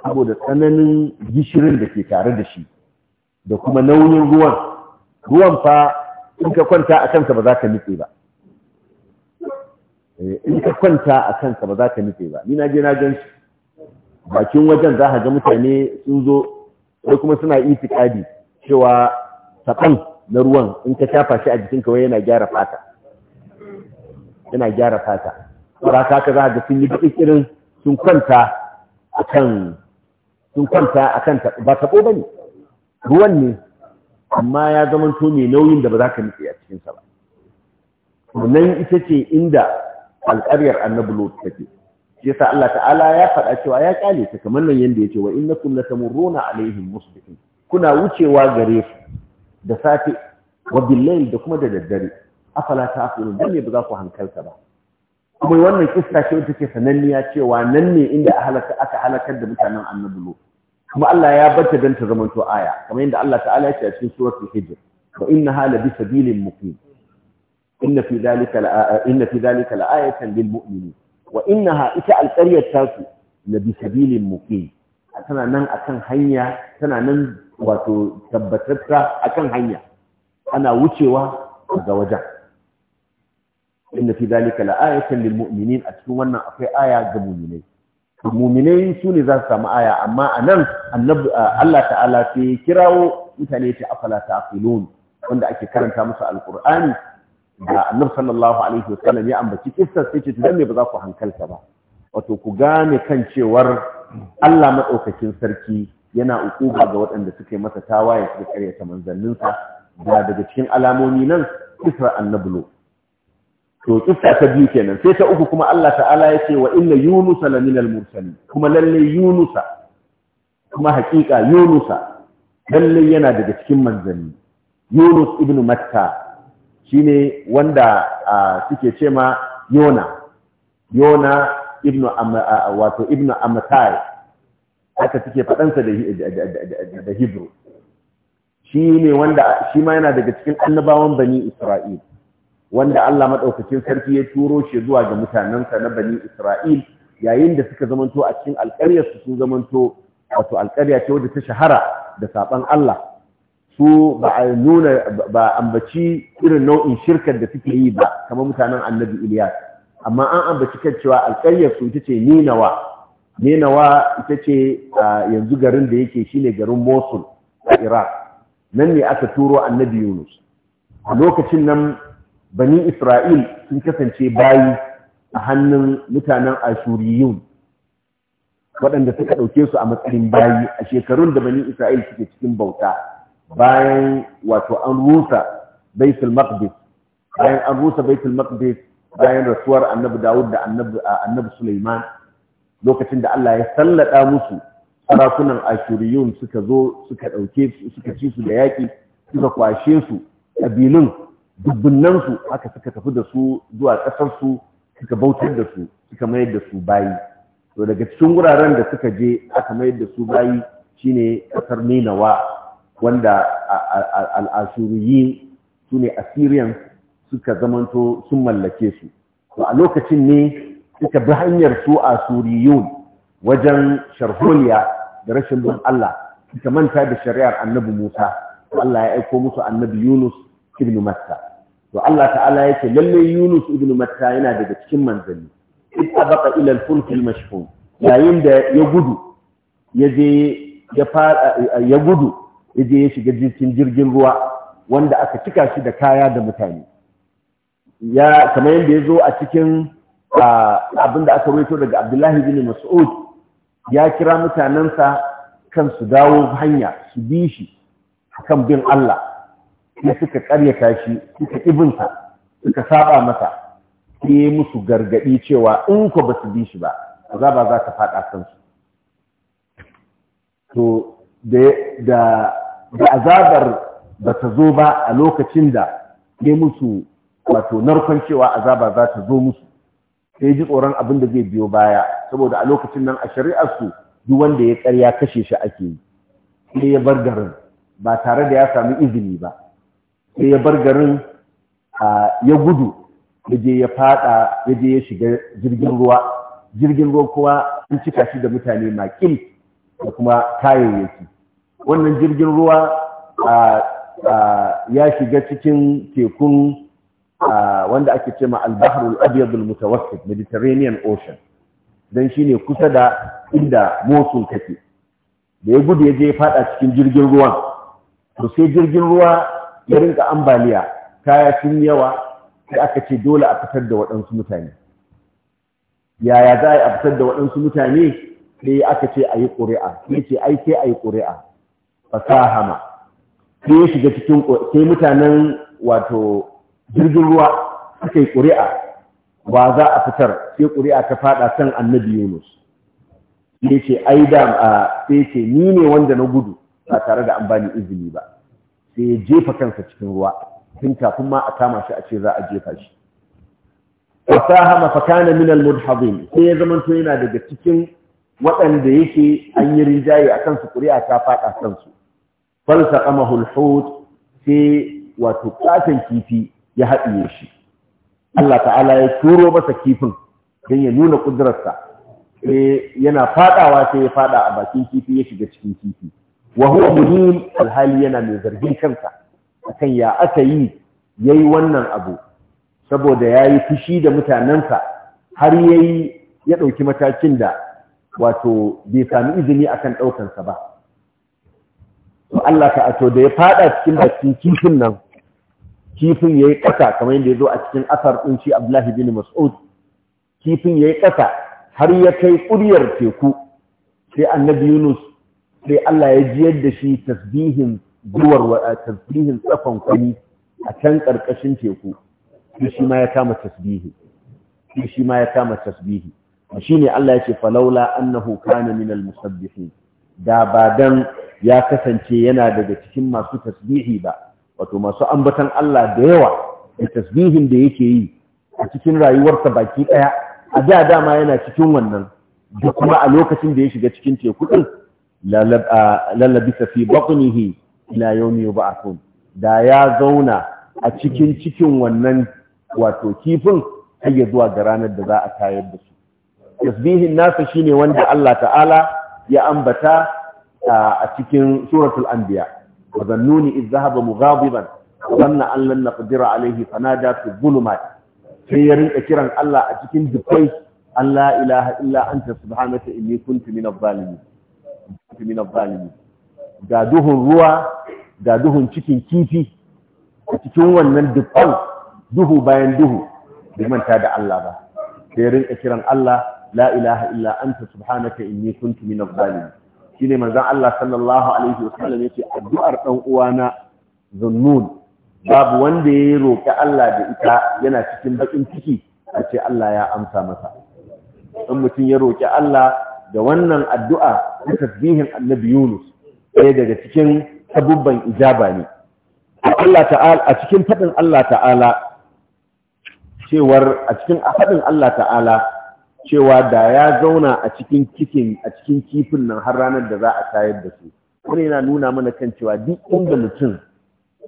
saboda tsananin gishirin da ke tare da shi da kuma nauyin ruwan ruwan fa in ka kwanta a kansa ba za ka nutse ba eh, in ka kwanta a kansa ba za ka ba ni na je na gan shi bakin wajen za ka ga mutane sun zo sai kuma suna itikadi cewa taɓan na ruwan in ka shafa shi a jikinka wai yana gyara fata yana gyara fata ka ka za ga sun yi duk irin sun kwanta akan sun kwanta ba taɓo ba ne ruwan ne amma ya zama to mai nauyin da ba za ka nitse a cikinsa ba nan ita ce inda alƙaryar annabi lot take shi yasa Allah ta'ala ya faɗa cewa ya kyale ta kamar nan yanda yace wa innakum latamurruna alaihim musbihin kuna wucewa gare su da safe wa da kuma da daddare afala ta'qilun dan me ba za ku hankalta ba kuma wannan kissa ce wacce take sananniya cewa nan ne inda aka halakar da mutanen annabi lo kuma Allah ya barta dan ta zamanto aya kamar yadda Allah ta'ala ya ce a cikin suratul hijr wa innaha la bi sabilin muqim inna fi dhalika la inna fi dhalika la ayatan lil mu'minin wa innaha ita alqaryat tasu la bi sabilin muqim tana nan akan hanya tana nan wato tabbatatta akan hanya ana wucewa ga wajen inna fi zalika la'ayatan lil mu'minin a cikin wannan akwai aya ga mu'minai mu'minai su ne za su samu aya amma anan annabi Allah ta'ala sai kirawo mutane ta afala ta'qilun wanda ake karanta musu alqur'ani da annabi sallallahu alaihi wasallam ya ambaci kissar sai ce dan me ba za ku hankalta ba wato ku gane kan cewar Allah madaukakin sarki yana ukuba ga waɗanda suka yi masa tawaye suka karyata manzanninsa da daga cikin alamomi nan kisra annabulu to kissa ta biyu kenan sai ta uku kuma Allah ta'ala ya ce wa inna yunusa laminal mursali kuma lalle yunusa kuma haƙiƙa yunusa lalle yana daga cikin manzanni yunus ibnu matta shine wanda suke ce ma yona yona ibnu wato ibnu amatai haka suke faɗansa da hebrew shi wanda shi ma yana daga cikin annabawan bani isra'ila wanda Allah maɗaukacin sarki ya turo shi zuwa ga mutanensa na bani Isra'il yayin da suka zamanto a cikin alƙaryar sun zamanto wato alƙarya ce wadda ta shahara da saban Allah su ba a nuna ba ambaci irin nau'in shirkar da suke yi ba kamar mutanen Annabi Iliyas amma an ambaci kan cewa alƙaryar su ita ce Ninawa Ninawa ita ce yanzu garin da yake shine garin Mosul a Iraq nan ne aka turo Annabi Yunus lokacin nan bani isra'il sun kasance bayi a hannun mutanen ashuriyun waɗanda suka ɗauke su a matsayin bayi a shekarun da bani isra'il suke cikin bauta bayan wato an rusa baitul maqdis bayan an rusa baitul maqdis bayan rasuwar annabi dawud da annabi sulaiman lokacin da Allah ya sallada musu sarakunan ashuriyun suka zo suka ɗauke su suka ci su da yaƙi suka kwashe su ƙabilun dubbunansu aka suka tafi da su zuwa ƙasarsu suka bautar da su suka mayar da su bayi to daga cikin wuraren da suka je aka mayar da su bayi shine ƙasar ninawa wanda al'asuriyi su ne assyrians suka zamanto sun mallake su to a lokacin ne suka bi hanyar su asuriyun wajen sharholiya da rashin bin Allah suka manta da shari'ar annabi Musa Allah ya aiko musu annabi Yunus ibn Matta to Allah ta'ala yake lalle Yunus ibn Matta yana daga cikin manzanni id abaqa ila al-fulk al-mashhun yayin da ya gudu ya je ya fara ya gudu ya je ya shiga jirgin jirgin ruwa wanda aka cika shi da kaya da mutane ya kamar yadda ya zo a cikin abin da aka rawaito daga Abdullahi Ibn Mas'ud ya kira mutanansa kan su dawo hanya su bi shi kan bin Allah sai suka karya shi suka ibinsa suka saba masa sai musu gargaɗi cewa in ko ba su bi shi ba ba za ta fada kansu to da azabar ba ta zo ba a lokacin da ya musu wato narkon cewa azaba za ta zo musu sai ji tsoron abin da zai biyo baya saboda a lokacin nan a shari'arsu duk wanda ya karya kashe shi ake yi sai ya bar garin ba tare da ya sami izini ba sai ya bar garin ya gudu ya je ya fada ya je ya shiga jirgin ruwa jirgin ruwa kuma an cika shi da mutane makil da kuma kayayyaki wannan jirgin ruwa ya shiga cikin tekun wanda ake ce ma al abiyadul mutawassit mediterranean ocean dan shine kusa da inda Mosul take da ya gudu ya je ya fada cikin jirgin ruwan to sai jirgin ruwa ya rinka ambaliya kaya sun yawa sai aka ce dole a fitar da waɗansu mutane yaya za a fitar da waɗansu mutane sai aka ce a yi ƙuri'a sai ce ai sai a yi ƙuri'a fasahama sai ya shiga cikin sai mutanen wato jirgin ruwa suka yi ƙuri'a wa za a fitar sai ƙuri'a ta faɗa kan annabi yunus sai ce ai da sai ce ni ne wanda na gudu ba tare da an bani izini ba sai ya jefa kansa cikin ruwa tun kafin ma a kama shi a ce za a jefa shi wasahama fa kana min al mudhadin sai ya zama to yana daga cikin waɗanda yake an yi rinjaye a kansu ƙuri'a ta faɗa kansu falsa al hut sai wato ƙaton kifi ya haɗiye shi Allah ta'ala ya turo masa kifin don ya nuna Sai yana faɗawa sai ya faɗa a bakin kifi ya shiga cikin kifi wa huwa muhim alhali yana mai zargin kansa akan ya aka yi yayi wannan abu saboda yayi fushi da mutanansa har yayi ya dauki matakin da wato bai samu izini akan daukan sa ba to Allah ka ato da ya fada cikin bakin kifin nan kifin yayi kasa kamar yadda yazo a cikin asar din shi Abdullahi bin Mas'ud kifin yayi kasa har ya kai kuryar teku sai Annabi Yunus sai Allah ya jiyar da shi tasbihin duwar tasbihin tsafan kwani a can ƙarƙashin teku shi shi ma ya kama tasbihi shi shi ma ya kama tasbihi shine Allah ya ce falaula annahu kana min almusabbihin da ba dan ya kasance yana daga cikin masu tasbihi ba wato masu ambatan Allah da yawa da tasbihin da yake yi a cikin rayuwarsa baki daya a da dama yana cikin wannan da kuma a lokacin da ya shiga cikin teku din lalabisa fi batnihi ila yawmi yub'athun da ya zauna a cikin cikin wannan wato kifin har ya zuwa ga ranar da za a tayar da su tasbihin nasa shine wanda Allah ta'ala ya ambata a cikin suratul anbiya wa zannuni idh dhahaba mughadiban zanna an lan naqdira alayhi fanada fi sai ya rinka kiran Allah a cikin dukkai Allah ilaha illa anta subhanaka inni kuntu minadh dhalimin min al-zalimin ga duhun ruwa ga duhun cikin kifi a cikin wannan dukkan duhu bayan duhu bai manta da Allah ba sai rinka kiran Allah la ilaha illa anta subhanaka inni kuntu min al-zalimin shine manzon Allah sallallahu alaihi sallam yace addu'ar dan uwana zunnun babu wanda ya roƙi Allah da ita yana cikin bakin ciki a ce Allah ya amsa masa in mutum ya roƙi Allah da wannan addu'a na tasbihin annabi Yunus ɗaya daga cikin sabubban ijaba ne Allah a cikin faɗin Allah ta'ala cewar a cikin faɗin Allah ta'ala cewa da ya zauna a cikin kifin a cikin kifin nan har ranar da za a tayar da su wani yana nuna mana kan cewa duk inda mutum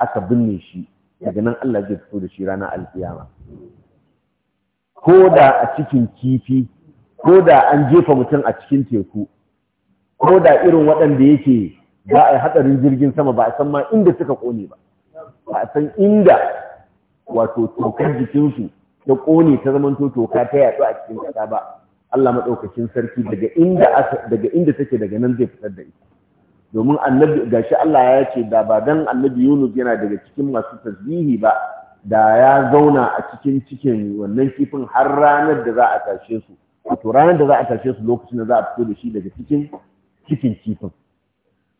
aka binne shi daga nan Allah zai fito da shi ranar alfiyama. ko da a cikin kifi ko da an jefa mutum a cikin teku ko da irin waɗanda yake za a yi hatsarin jirgin sama ba a san ma inda suka kone ba ba a san inda wato tokar jikinsu ta kone ta zamanto toka ta yatsu a cikin kasa ba Allah maɗaukacin sarki daga inda daga take daga nan zai fitar da ita domin annabi gashi Allah ya ce da ba dan annabi Yunus yana daga cikin masu tasbihi ba da ya zauna a cikin cikin wannan kifin har ranar da za a tashe su wato ranar da za a tashe su lokacin da za a fito da shi daga cikin cikin kifin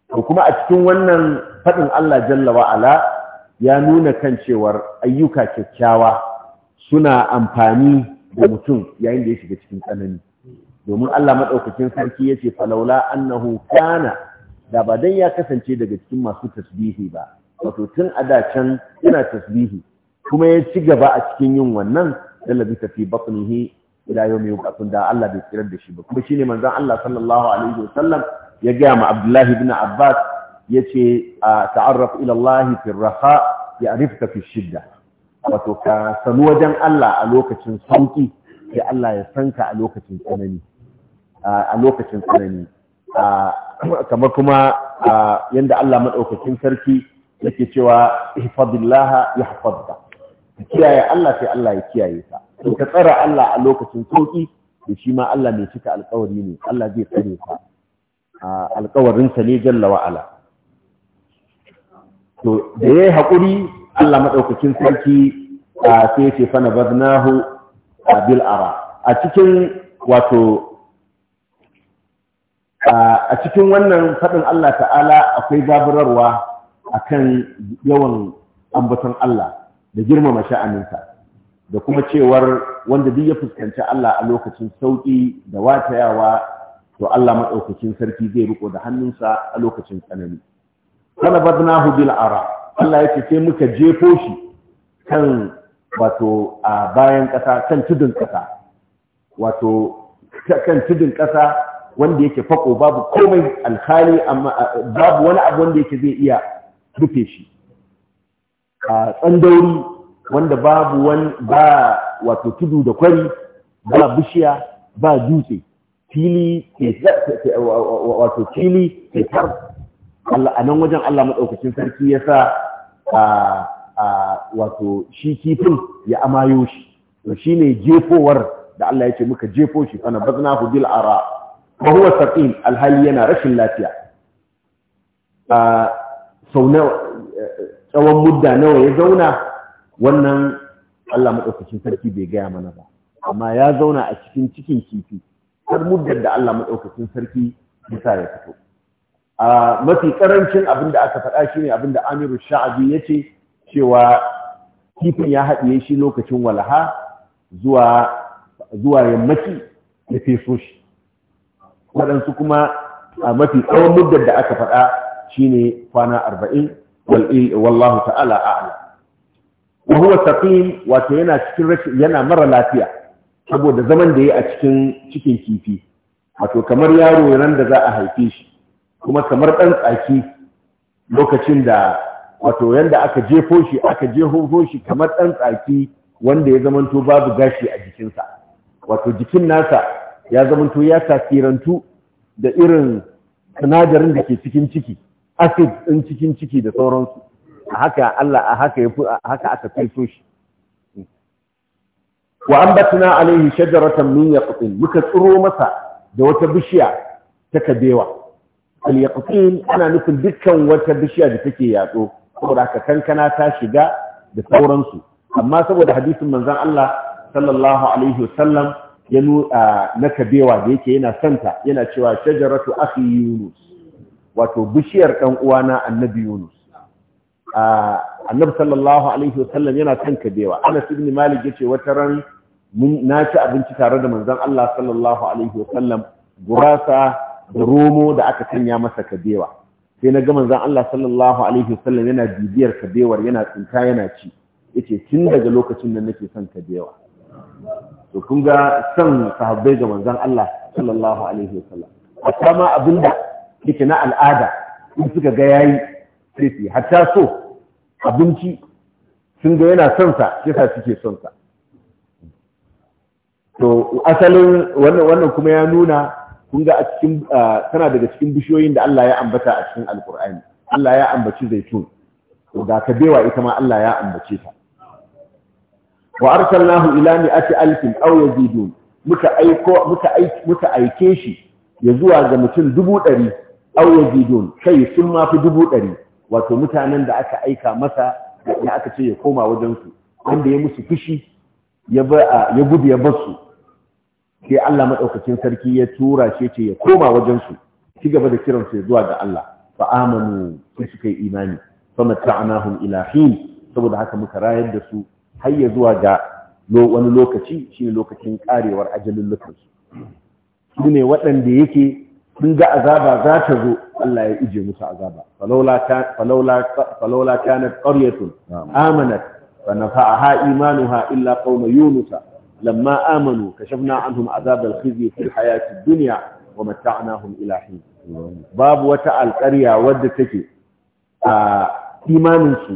to kuma a cikin wannan faɗin Allah jalla wa'ala ya nuna kan cewar ayyuka kyakkyawa suna amfani da mutum yayin da ya shiga cikin tsanani domin Allah maɗaukacin sarki ya ce falaula annahu kana da ba don ya kasance daga cikin masu tasbihi ba wato tun a da can yana tasbihi kuma ya ci gaba a cikin yin wannan dalabi ta fi batnihi ila yawmi yuqatun da Allah bai tsirar da shi ba kuma shine manzon Allah sallallahu alaihi wasallam ya ga ma Abdullahi ibn Abbas yace ta'arraf ila Allah fi raha ya'rifuka fi shidda wato ka sanu wajen Allah a lokacin sauki sai Allah ya san ka a lokacin tsanani a lokacin tsanani kamar kuma yanda Allah madaukakin sarki yake cewa ihfadillah yahfadka kiyaye Allah sai Allah ya kiyaye ka to ka tsara Allah a lokacin sauki da shi ma Allah mai cika alkawari ne Allah zai tsare ka alƙawarinsa ne jalla ala to da yayi hakuri Allah madaukakin sarki sai ya ce fa nabadnahu bil ara a cikin wato a cikin wannan fadin Allah ta'ala akwai zaburarwa akan yawan ambaton Allah da girmama sha'aninsa da kuma cewar wanda duk ya fuskanci Allah a lokacin sauƙi da watayawa to Allah maɗaukacin sarki zai riko da hannunsa a lokacin tsanani sanabadnahu bil ara Allah yake sai muka jefo shi kan wato a bayan ƙasa kan tudun ƙasa wato kan tudun ƙasa wanda yake fako babu komai alhali amma babu wani abu wanda yake zai iya rufe shi a tsandauri wanda babu wani ba wato tudu da kwari ba bishiya ba dutse fili wato fili ke tar a nan wajen Allah maɗaukacin sarki ya sa wato shi kifin ya amayo shi to shi ne jefowar da Allah ya ce muka jefo shi kana bazna hu bil ara wa huwa saqim alhali yana rashin lafiya a sau tsawon mudda nawa ya zauna wannan Allah maɗaukacin sarki bai gaya mana ba amma ya zauna a cikin cikin kifi har muddar da Allah maɗaukacin sarki bisa ya fito a mafi karancin abin da aka faɗa shine abin da Amiru Sha'abi ya ce cewa kifin ya haɗiye shi lokacin walaha zuwa zuwa yammaci ya feso shi waɗansu kuma a mafi tsawon muddar da aka faɗa shine kwana arba'in wallahu ta'ala a wa huwa saqim wato yana cikin rashin yana mara lafiya saboda zaman da yayi a cikin cikin kifi wato kamar yaro nan da za a haife shi kuma kamar dan tsaki lokacin da wato yanda aka jefo shi aka jefo shi kamar dan tsaki wanda ya zamanto babu gashi a jikinsa wato jikin nasa ya zamanto ya tasirantu da irin sinadarin da ke cikin ciki acid ɗin cikin ciki da sauransu haka haka aka kaito shi wa ambatna alaihi shajaratan min yaqtin muka tsiro masa da wata bishiya ta kabewa al yaqtin ana nufin dukkan wata bishiya da take yatsu saboda haka kankana ta shiga da sauransu amma saboda hadisin manzon Allah sallallahu alaihi wasallam ya na kabewa da yake yana santa yana cewa shajaratu akhi yunus wato bishiyar dan uwana annabi yunus annabi sallallahu alaihi wasallam yana kan kabewa Anas ibn Malik yace wata ran na ci abinci tare da manzon Allah sallallahu alaihi wasallam gurasa da romo da aka tanya masa kabewa sai na ga manzon Allah sallallahu alaihi wasallam yana bibiyar kabewar yana tsinta yana ci yace tun daga lokacin da nake son kabewa to kun ga son sahabbai ga manzon Allah sallallahu alaihi wasallam amma abinda yake na al'ada in suka ga yayi sai hatta so abinci sun ga yana son sa yasa suke son sa to asalin wannan wannan kuma ya nuna kun ga a cikin tana daga cikin bishiyoyin da Allah ya ambata a cikin alkur'ani Allah ya ambaci zaitun to ga bewa ita ma Allah ya ambace ta wa arsalnahu ila mi'ati alfin aw yazidun muka aiko muka aiki muka aike shi ya zuwa ga mutum dubu ɗari aw yazidun kai sun ma dubu ɗari wato mutanen da aka aika masa da aka ce ya koma wajensu wanda ya musu fushi ya gudu ya basu sai Allah maɗaukacin sarki ya tura shi ce ya koma wajensu ci gaba da kiransu ya zuwa ga Allah fa amanu sai suka yi imani fa mata'anahum ila hin saboda haka muka rayar da su har zuwa ga wani lokaci shine lokacin ƙarewar ajalin lukansu su ne waɗanda yake sun ga azaba za ta zo Allah ya ije musu azaba falaula na qaryatun amanat fa nafa'aha imanuha illa ƙauna yunus lamma amanu kashafna anhum azab al-khizy fi al-hayat ad-dunya wa mata'nahum ila hin babu wata alƙarya wadda take a imanin su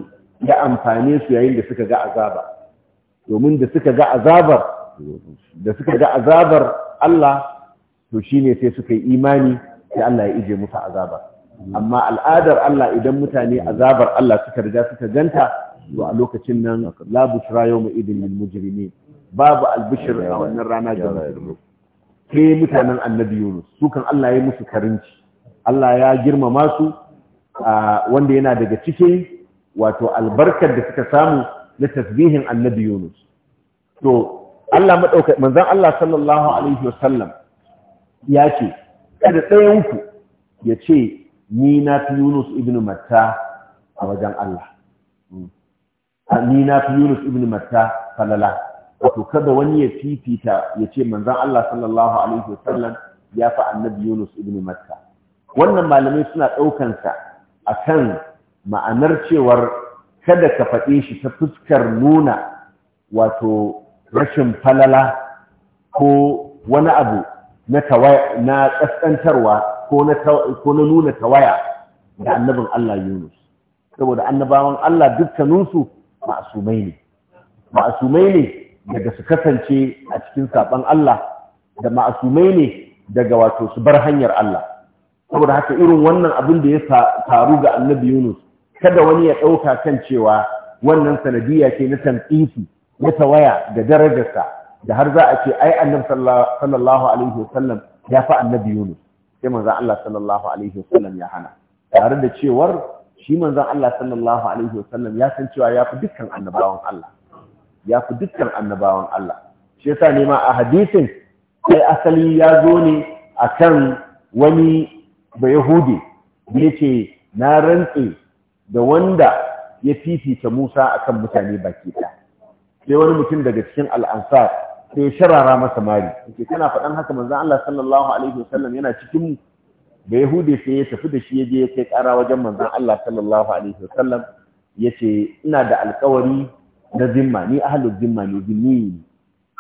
amfane su yayin da suka ga azaba domin da suka ga azabar da suka ga azabar Allah to shi ne sai suka yi imani sai Allah ya ije musu azaba amma al'adar Allah idan mutane azabar Allah suka riga suka ganta to a lokacin nan la bushra mai idin lil ne. babu albishir a wannan rana ga sai mutanen annabi Yunus Sukan Allah ya musu karinci Allah ya girmama su wanda yana daga cikin wato albarkar da suka samu na tasbihin annabi Yunus to Allah madauka manzan Allah sallallahu alaihi wasallam ya ce kada ɗayanku ya ce ni na fi Yunus ibn Matta a wajen Allah hmm. ni na fi Yunus ibn Matta falala wato kada wani ya fifita ya ce manzan Allah sallallahu alaihi wasallam ya fi annabi Yunus ibn Matta wannan malamai suna ɗaukansa a kan ma'anar cewar kada ka faɗe shi ta fuskar nuna wato rashin falala ko wani abu na kaskantarwa ko na nuna tawaya da annabin Allah Yunus saboda annabawan Allah dukkaninsu ma'asumai ne ma'asumai ne daga su kasance a cikin saɓan Allah da ma'asumai ne daga wato su bar hanyar Allah saboda haka irin wannan abin da ya faru ga annabi Yunus kada wani ya ɗauka kan cewa wannan sanadiyya ce na tantisi na tawaya da darajarsa da har za a ce ai annabi sallallahu alaihi wasallam ya fa annabi Yunus sai manzon Allah sallallahu alaihi wasallam ya hana tare da cewar shi manzon Allah sallallahu alaihi wasallam ya san cewa ya fi dukkan annabawan Allah ya fi dukkan annabawan Allah shi yasa ne ma a hadisin sai asali ya zo ne akan wani bayahudi da ce na rantse da wanda ya fifita Musa akan mutane baki ɗaya sai wani mutum daga cikin al'ansar sai ya sharara masa mari yake kana faɗan haka manzan Allah sallallahu alaihi wasallam yana cikin mu da Yahudi sai ya tafi da shi ya je ya kai ƙara wajen manzon Allah sallallahu alaihi wasallam yace ina da alƙawari da zimma ni ahlul zimma ne zimmi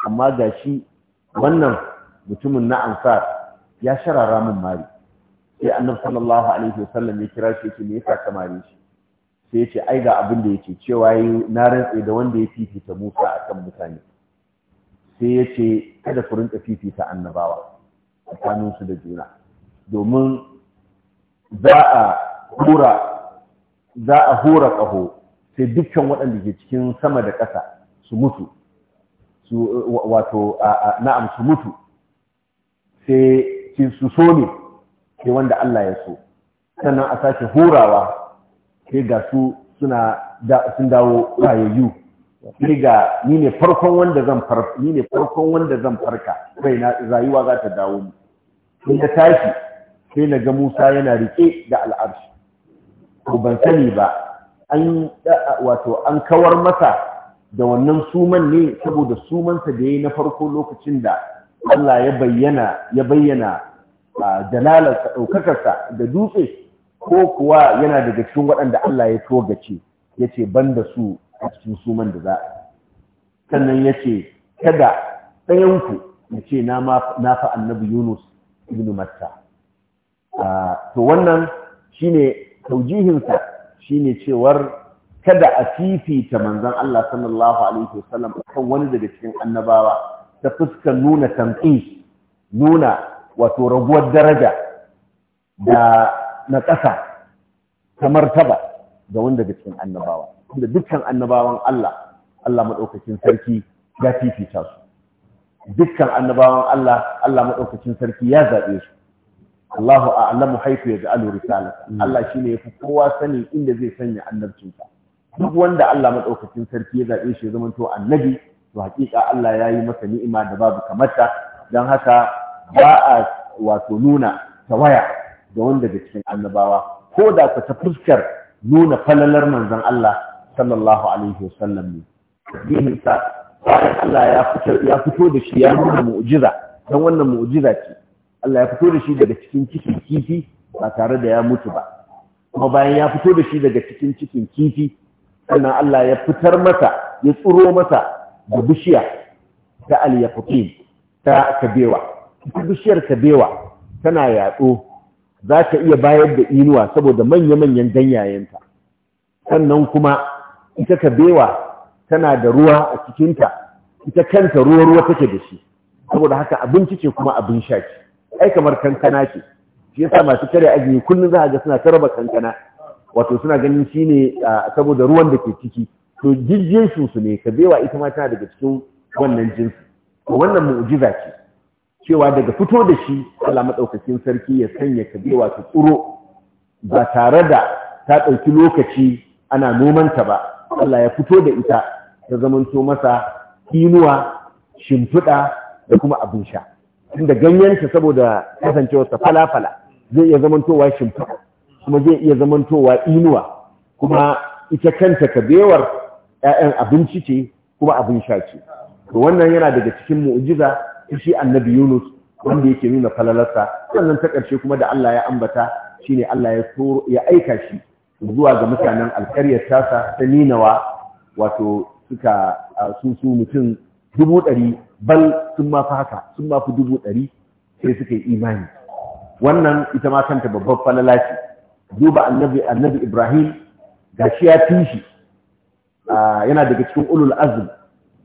amma gashi wannan mutumin na ansar ya sharara min mari sai annabi sallallahu alaihi wasallam ya kira shi yace me yasa ka mare shi sai yace ai ga abin da yake cewa na rantse da wanda ya fifita Musa akan mutane sai ya ce kada ku rinka fifita annabawa tsakaninsu da juna domin za a hura za a hura ƙaho sai dukkan waɗanda ke cikin sama da ƙasa su mutu su wato na'am su mutu sai su so ne sai wanda Allah ya so sannan a sake hurawa sai ga su suna sun dawo rayayyu ni ni ne farkon wanda zan farka ni ne farkon wanda zan farka na rayuwa za ta dawo ni sai na tashi sai na ga Musa yana rike da al'arshi ko ban sani ba an wato an kawar masa da wannan suman ne saboda sumansa da yayi na farko lokacin da Allah ya bayyana ya bayyana dalalar ɗaukakarsa da dutse ko kuwa yana daga cikin waɗanda Allah ya togace ya ce ban da su a cikin suman da za a sannan ya ce kada ɗayanku ya ce na fa annabi yunus ibn matta to wannan shine taujihinsa shine cewar kada a fifita manzon Allah sallallahu alaihi wasallam kan wani daga cikin annabawa ta fuskar nuna tamqis nuna wato raguwar daraja na ƙasa ta martaba ga wani daga cikin annabawa da dukkan annabawan Allah Allah madaukakin sarki ya fifita su dukkan annabawan Allah Allah madaukakin sarki ya zaɓe su Allahu a'lamu haythu yaj'alu risalata Allah shine yafi kowa sani inda zai sanya annabcinsa duk wanda Allah maɗaukacin sarki ya zaɓe shi ya zamanto annabi to hakika Allah ya yi masa ni'ima da babu kamarta don haka ba a wato nuna tawaya ga wanda da cikin annabawa ko da ka ta fuskar nuna falalar manzon Allah sallallahu alaihi wasallam ne yin sa Allah ya fito ya fito da shi ya nuna mu'jiza dan wannan mu'jiza ce Allah ya fito da shi daga cikin cikin kifi ba tare da ya mutu ba kuma bayan ya fito da shi daga cikin cikin kifi sannan Allah ya fitar mata ya tsuro mata da bishiya ta al ta kabewa bishiyar kabewa tana yaɗo za ta iya bayar da inuwa saboda manya-manyan ganyayenta sannan kuma ita kabewa tana da ruwa a cikinta ita kanta ruwa ruwa take da shi saboda haka abinci ce kuma abin sha ce ai kamar kankana ce shi yasa masu kare ajiye kullum za a ga suna tarba kankana wato suna ganin ne saboda ruwan da ke ciki to jijjiyar su su ne kabewa ita ma tana daga cikin wannan jinsi to wannan mu'jiza ce cewa daga fito da shi Allah madaukakin sarki ya sanya kabewa ta tsuro ba tare da ta ɗauki lokaci ana nomanta ba Allah ya fito da ita ta zamanto masa inuwa shimfiɗa da kuma abin sha inda ganyenta saboda kasancewarsa falafala zai iya zamantowa shimfiɗa kuma zai iya zamantowa inuwa kuma ita kanta kabewar 'ya'yan abinci ce kuma abin sha ce to wannan yana daga cikin mu'jiza shi annabi Yunus wanda yake nuna falalarsa sannan ta ƙarshe kuma da Allah ya ambata shine Allah ya aika shi zuwa ga mutanen alkaryar tasa ta ninawa wato suka su mutum dubu ɗari bal sun ma fi haka sun ma fi dubu ɗari sai suka yi imani wannan ita ma kanta babbar falala ce duba annabi annabi ibrahim ga shi ya fi shi yana daga cikin ulul azum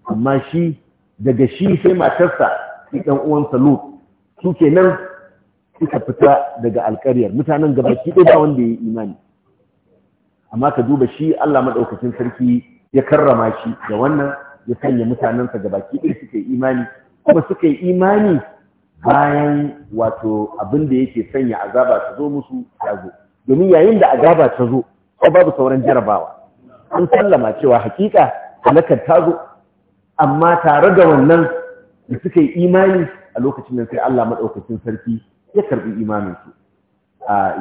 amma shi daga shi sai matarsa sai ɗan uwan lut su nan suka fita daga alkaryar mutanen ki ɗaya ba wanda ya yi imani amma ka duba shi Allah madaukakin sarki ya karrama shi da wannan ya sanya mutanensa da baki ɗaya suka yi imani kuma suka yi imani bayan wato abin da yake sanya azaba ta zo musu ya zo domin yayin da azaba ta zo ko babu sauran jarabawa an sallama cewa hakika halakar ta zo amma tare da wannan da suka yi imani a lokacin da sai Allah maɗaukacin sarki ya karɓi imaninsu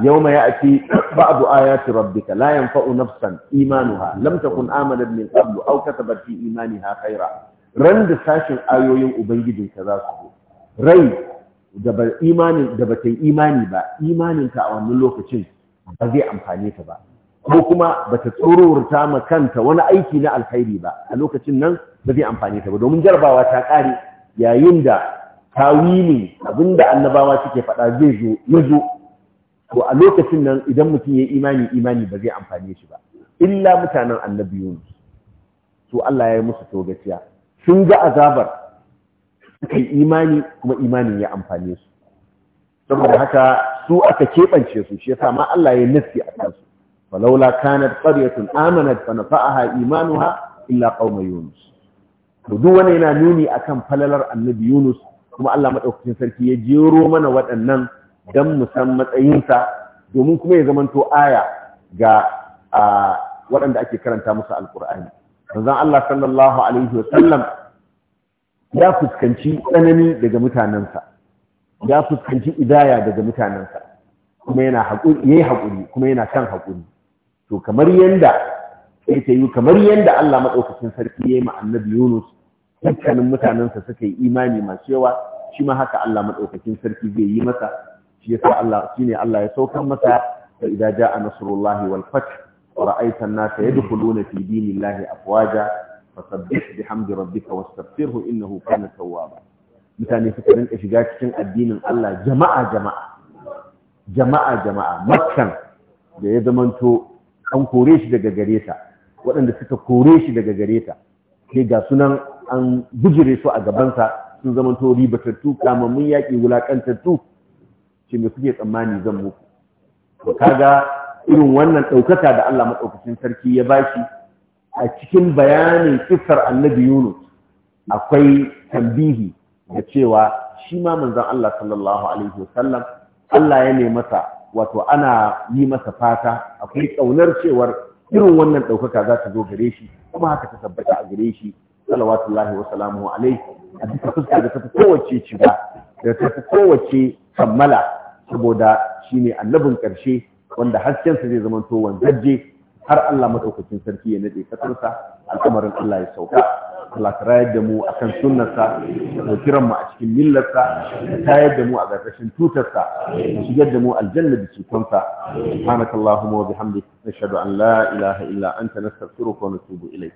يوم يأتي بعض آيات ربك لا ينفع نفسا إيمانها لم تكن آمنت من قبل أو كتبت في إيمانها خيرا رند ساشن آيوين أبنجد كذا rai da ba imanin da ba ta yi imani ba imanin a wannan lokacin ba zai amfane ta ba ko kuma ba ta tsororta ma kanta wani aiki na alkhairi ba a lokacin nan ba zai amfane ta ba domin jarabawa ta ƙare. yayin da tawilin abinda annabawa suke faɗa zai zo ya zo to a lokacin nan idan mutum ya imani imani ba zai amfane shi ba illa mutanen annabi Yunus to Allah ya yi musu togaciya sun ga azabar suka yi imani kuma imanin ya amfane su saboda haka su aka keɓance su shi yasa ma Allah ya nufi a kansu falaula kanat qaryatun amanat fa nafa'aha imanuha illa qauma Yunus to duk wani yana nuni akan falalar annabi Yunus kuma Allah madaukakin sarki ya jero mana waɗannan don mu san matsayinsa domin kuma ya zamanto aya ga waɗanda ake karanta musu alkur'ani manzon Allah sallallahu alaihi wasallam ya fuskanci tsanani daga mutanensa ya fuskanci idaya daga mutanensa kuma yana haƙuri yayi haƙuri kuma yana kan haƙuri to kamar yanda sai ta yi kamar yanda Allah maɗaukacin sarki ya ma annabi Yunus dukkanin mutanensa suka yi imani masu yawa shi ma haka Allah maɗaukacin sarki zai yi masa shi yasa Allah shine Allah ya saukar masa da idza jaa nasrullahi wal fath wa ra'aita an-nasa yadkhuluna fi dinillahi afwaja fasabbih bihamdi rabbika wastaghfirhu innahu kana tawwaba mutane suka rinka shiga cikin addinin Allah jama'a jama'a jama'a jama'a makkan da ya zamanto an kore shi daga gare ta waɗanda suka kore shi daga gare ta sai ga sunan an bijire su a gabansa sun zamanto ribatattu kamammun yaƙi wulaƙantattu ce me kuke tsammani zan muku to kaga irin wannan ɗaukaka da Allah maɗaukacin sarki ya bashi a cikin bayanin kissar annabi Yunus akwai tambihi da cewa shi ma manzon Allah sallallahu alaihi wasallam Allah ya ne masa wato ana yi masa fata akwai ƙaunar cewar irin wannan ɗaukaka za ta zo gare shi kuma haka ta tabbata a gare shi salawatullahi wa salamu alaihi a duka fuska da ta fi kowace shiga da ta fi kowace kammala saboda ne annabin ƙarshe wanda haskensa zai zama to wanzaje har Allah madaukakin sarki ya naɗe ƙasarsa al'amarin Allah ya sauka Allah ka rayar da mu akan sunnarsa da kiran mu a cikin millarsa da tayar da mu a gargashin tutarsa da shigar da mu aljanna da cikonsa subhanakallahumma wa bihamdika nashhadu an la ilaha illa anta nastaghfiruka wa natubu ilayk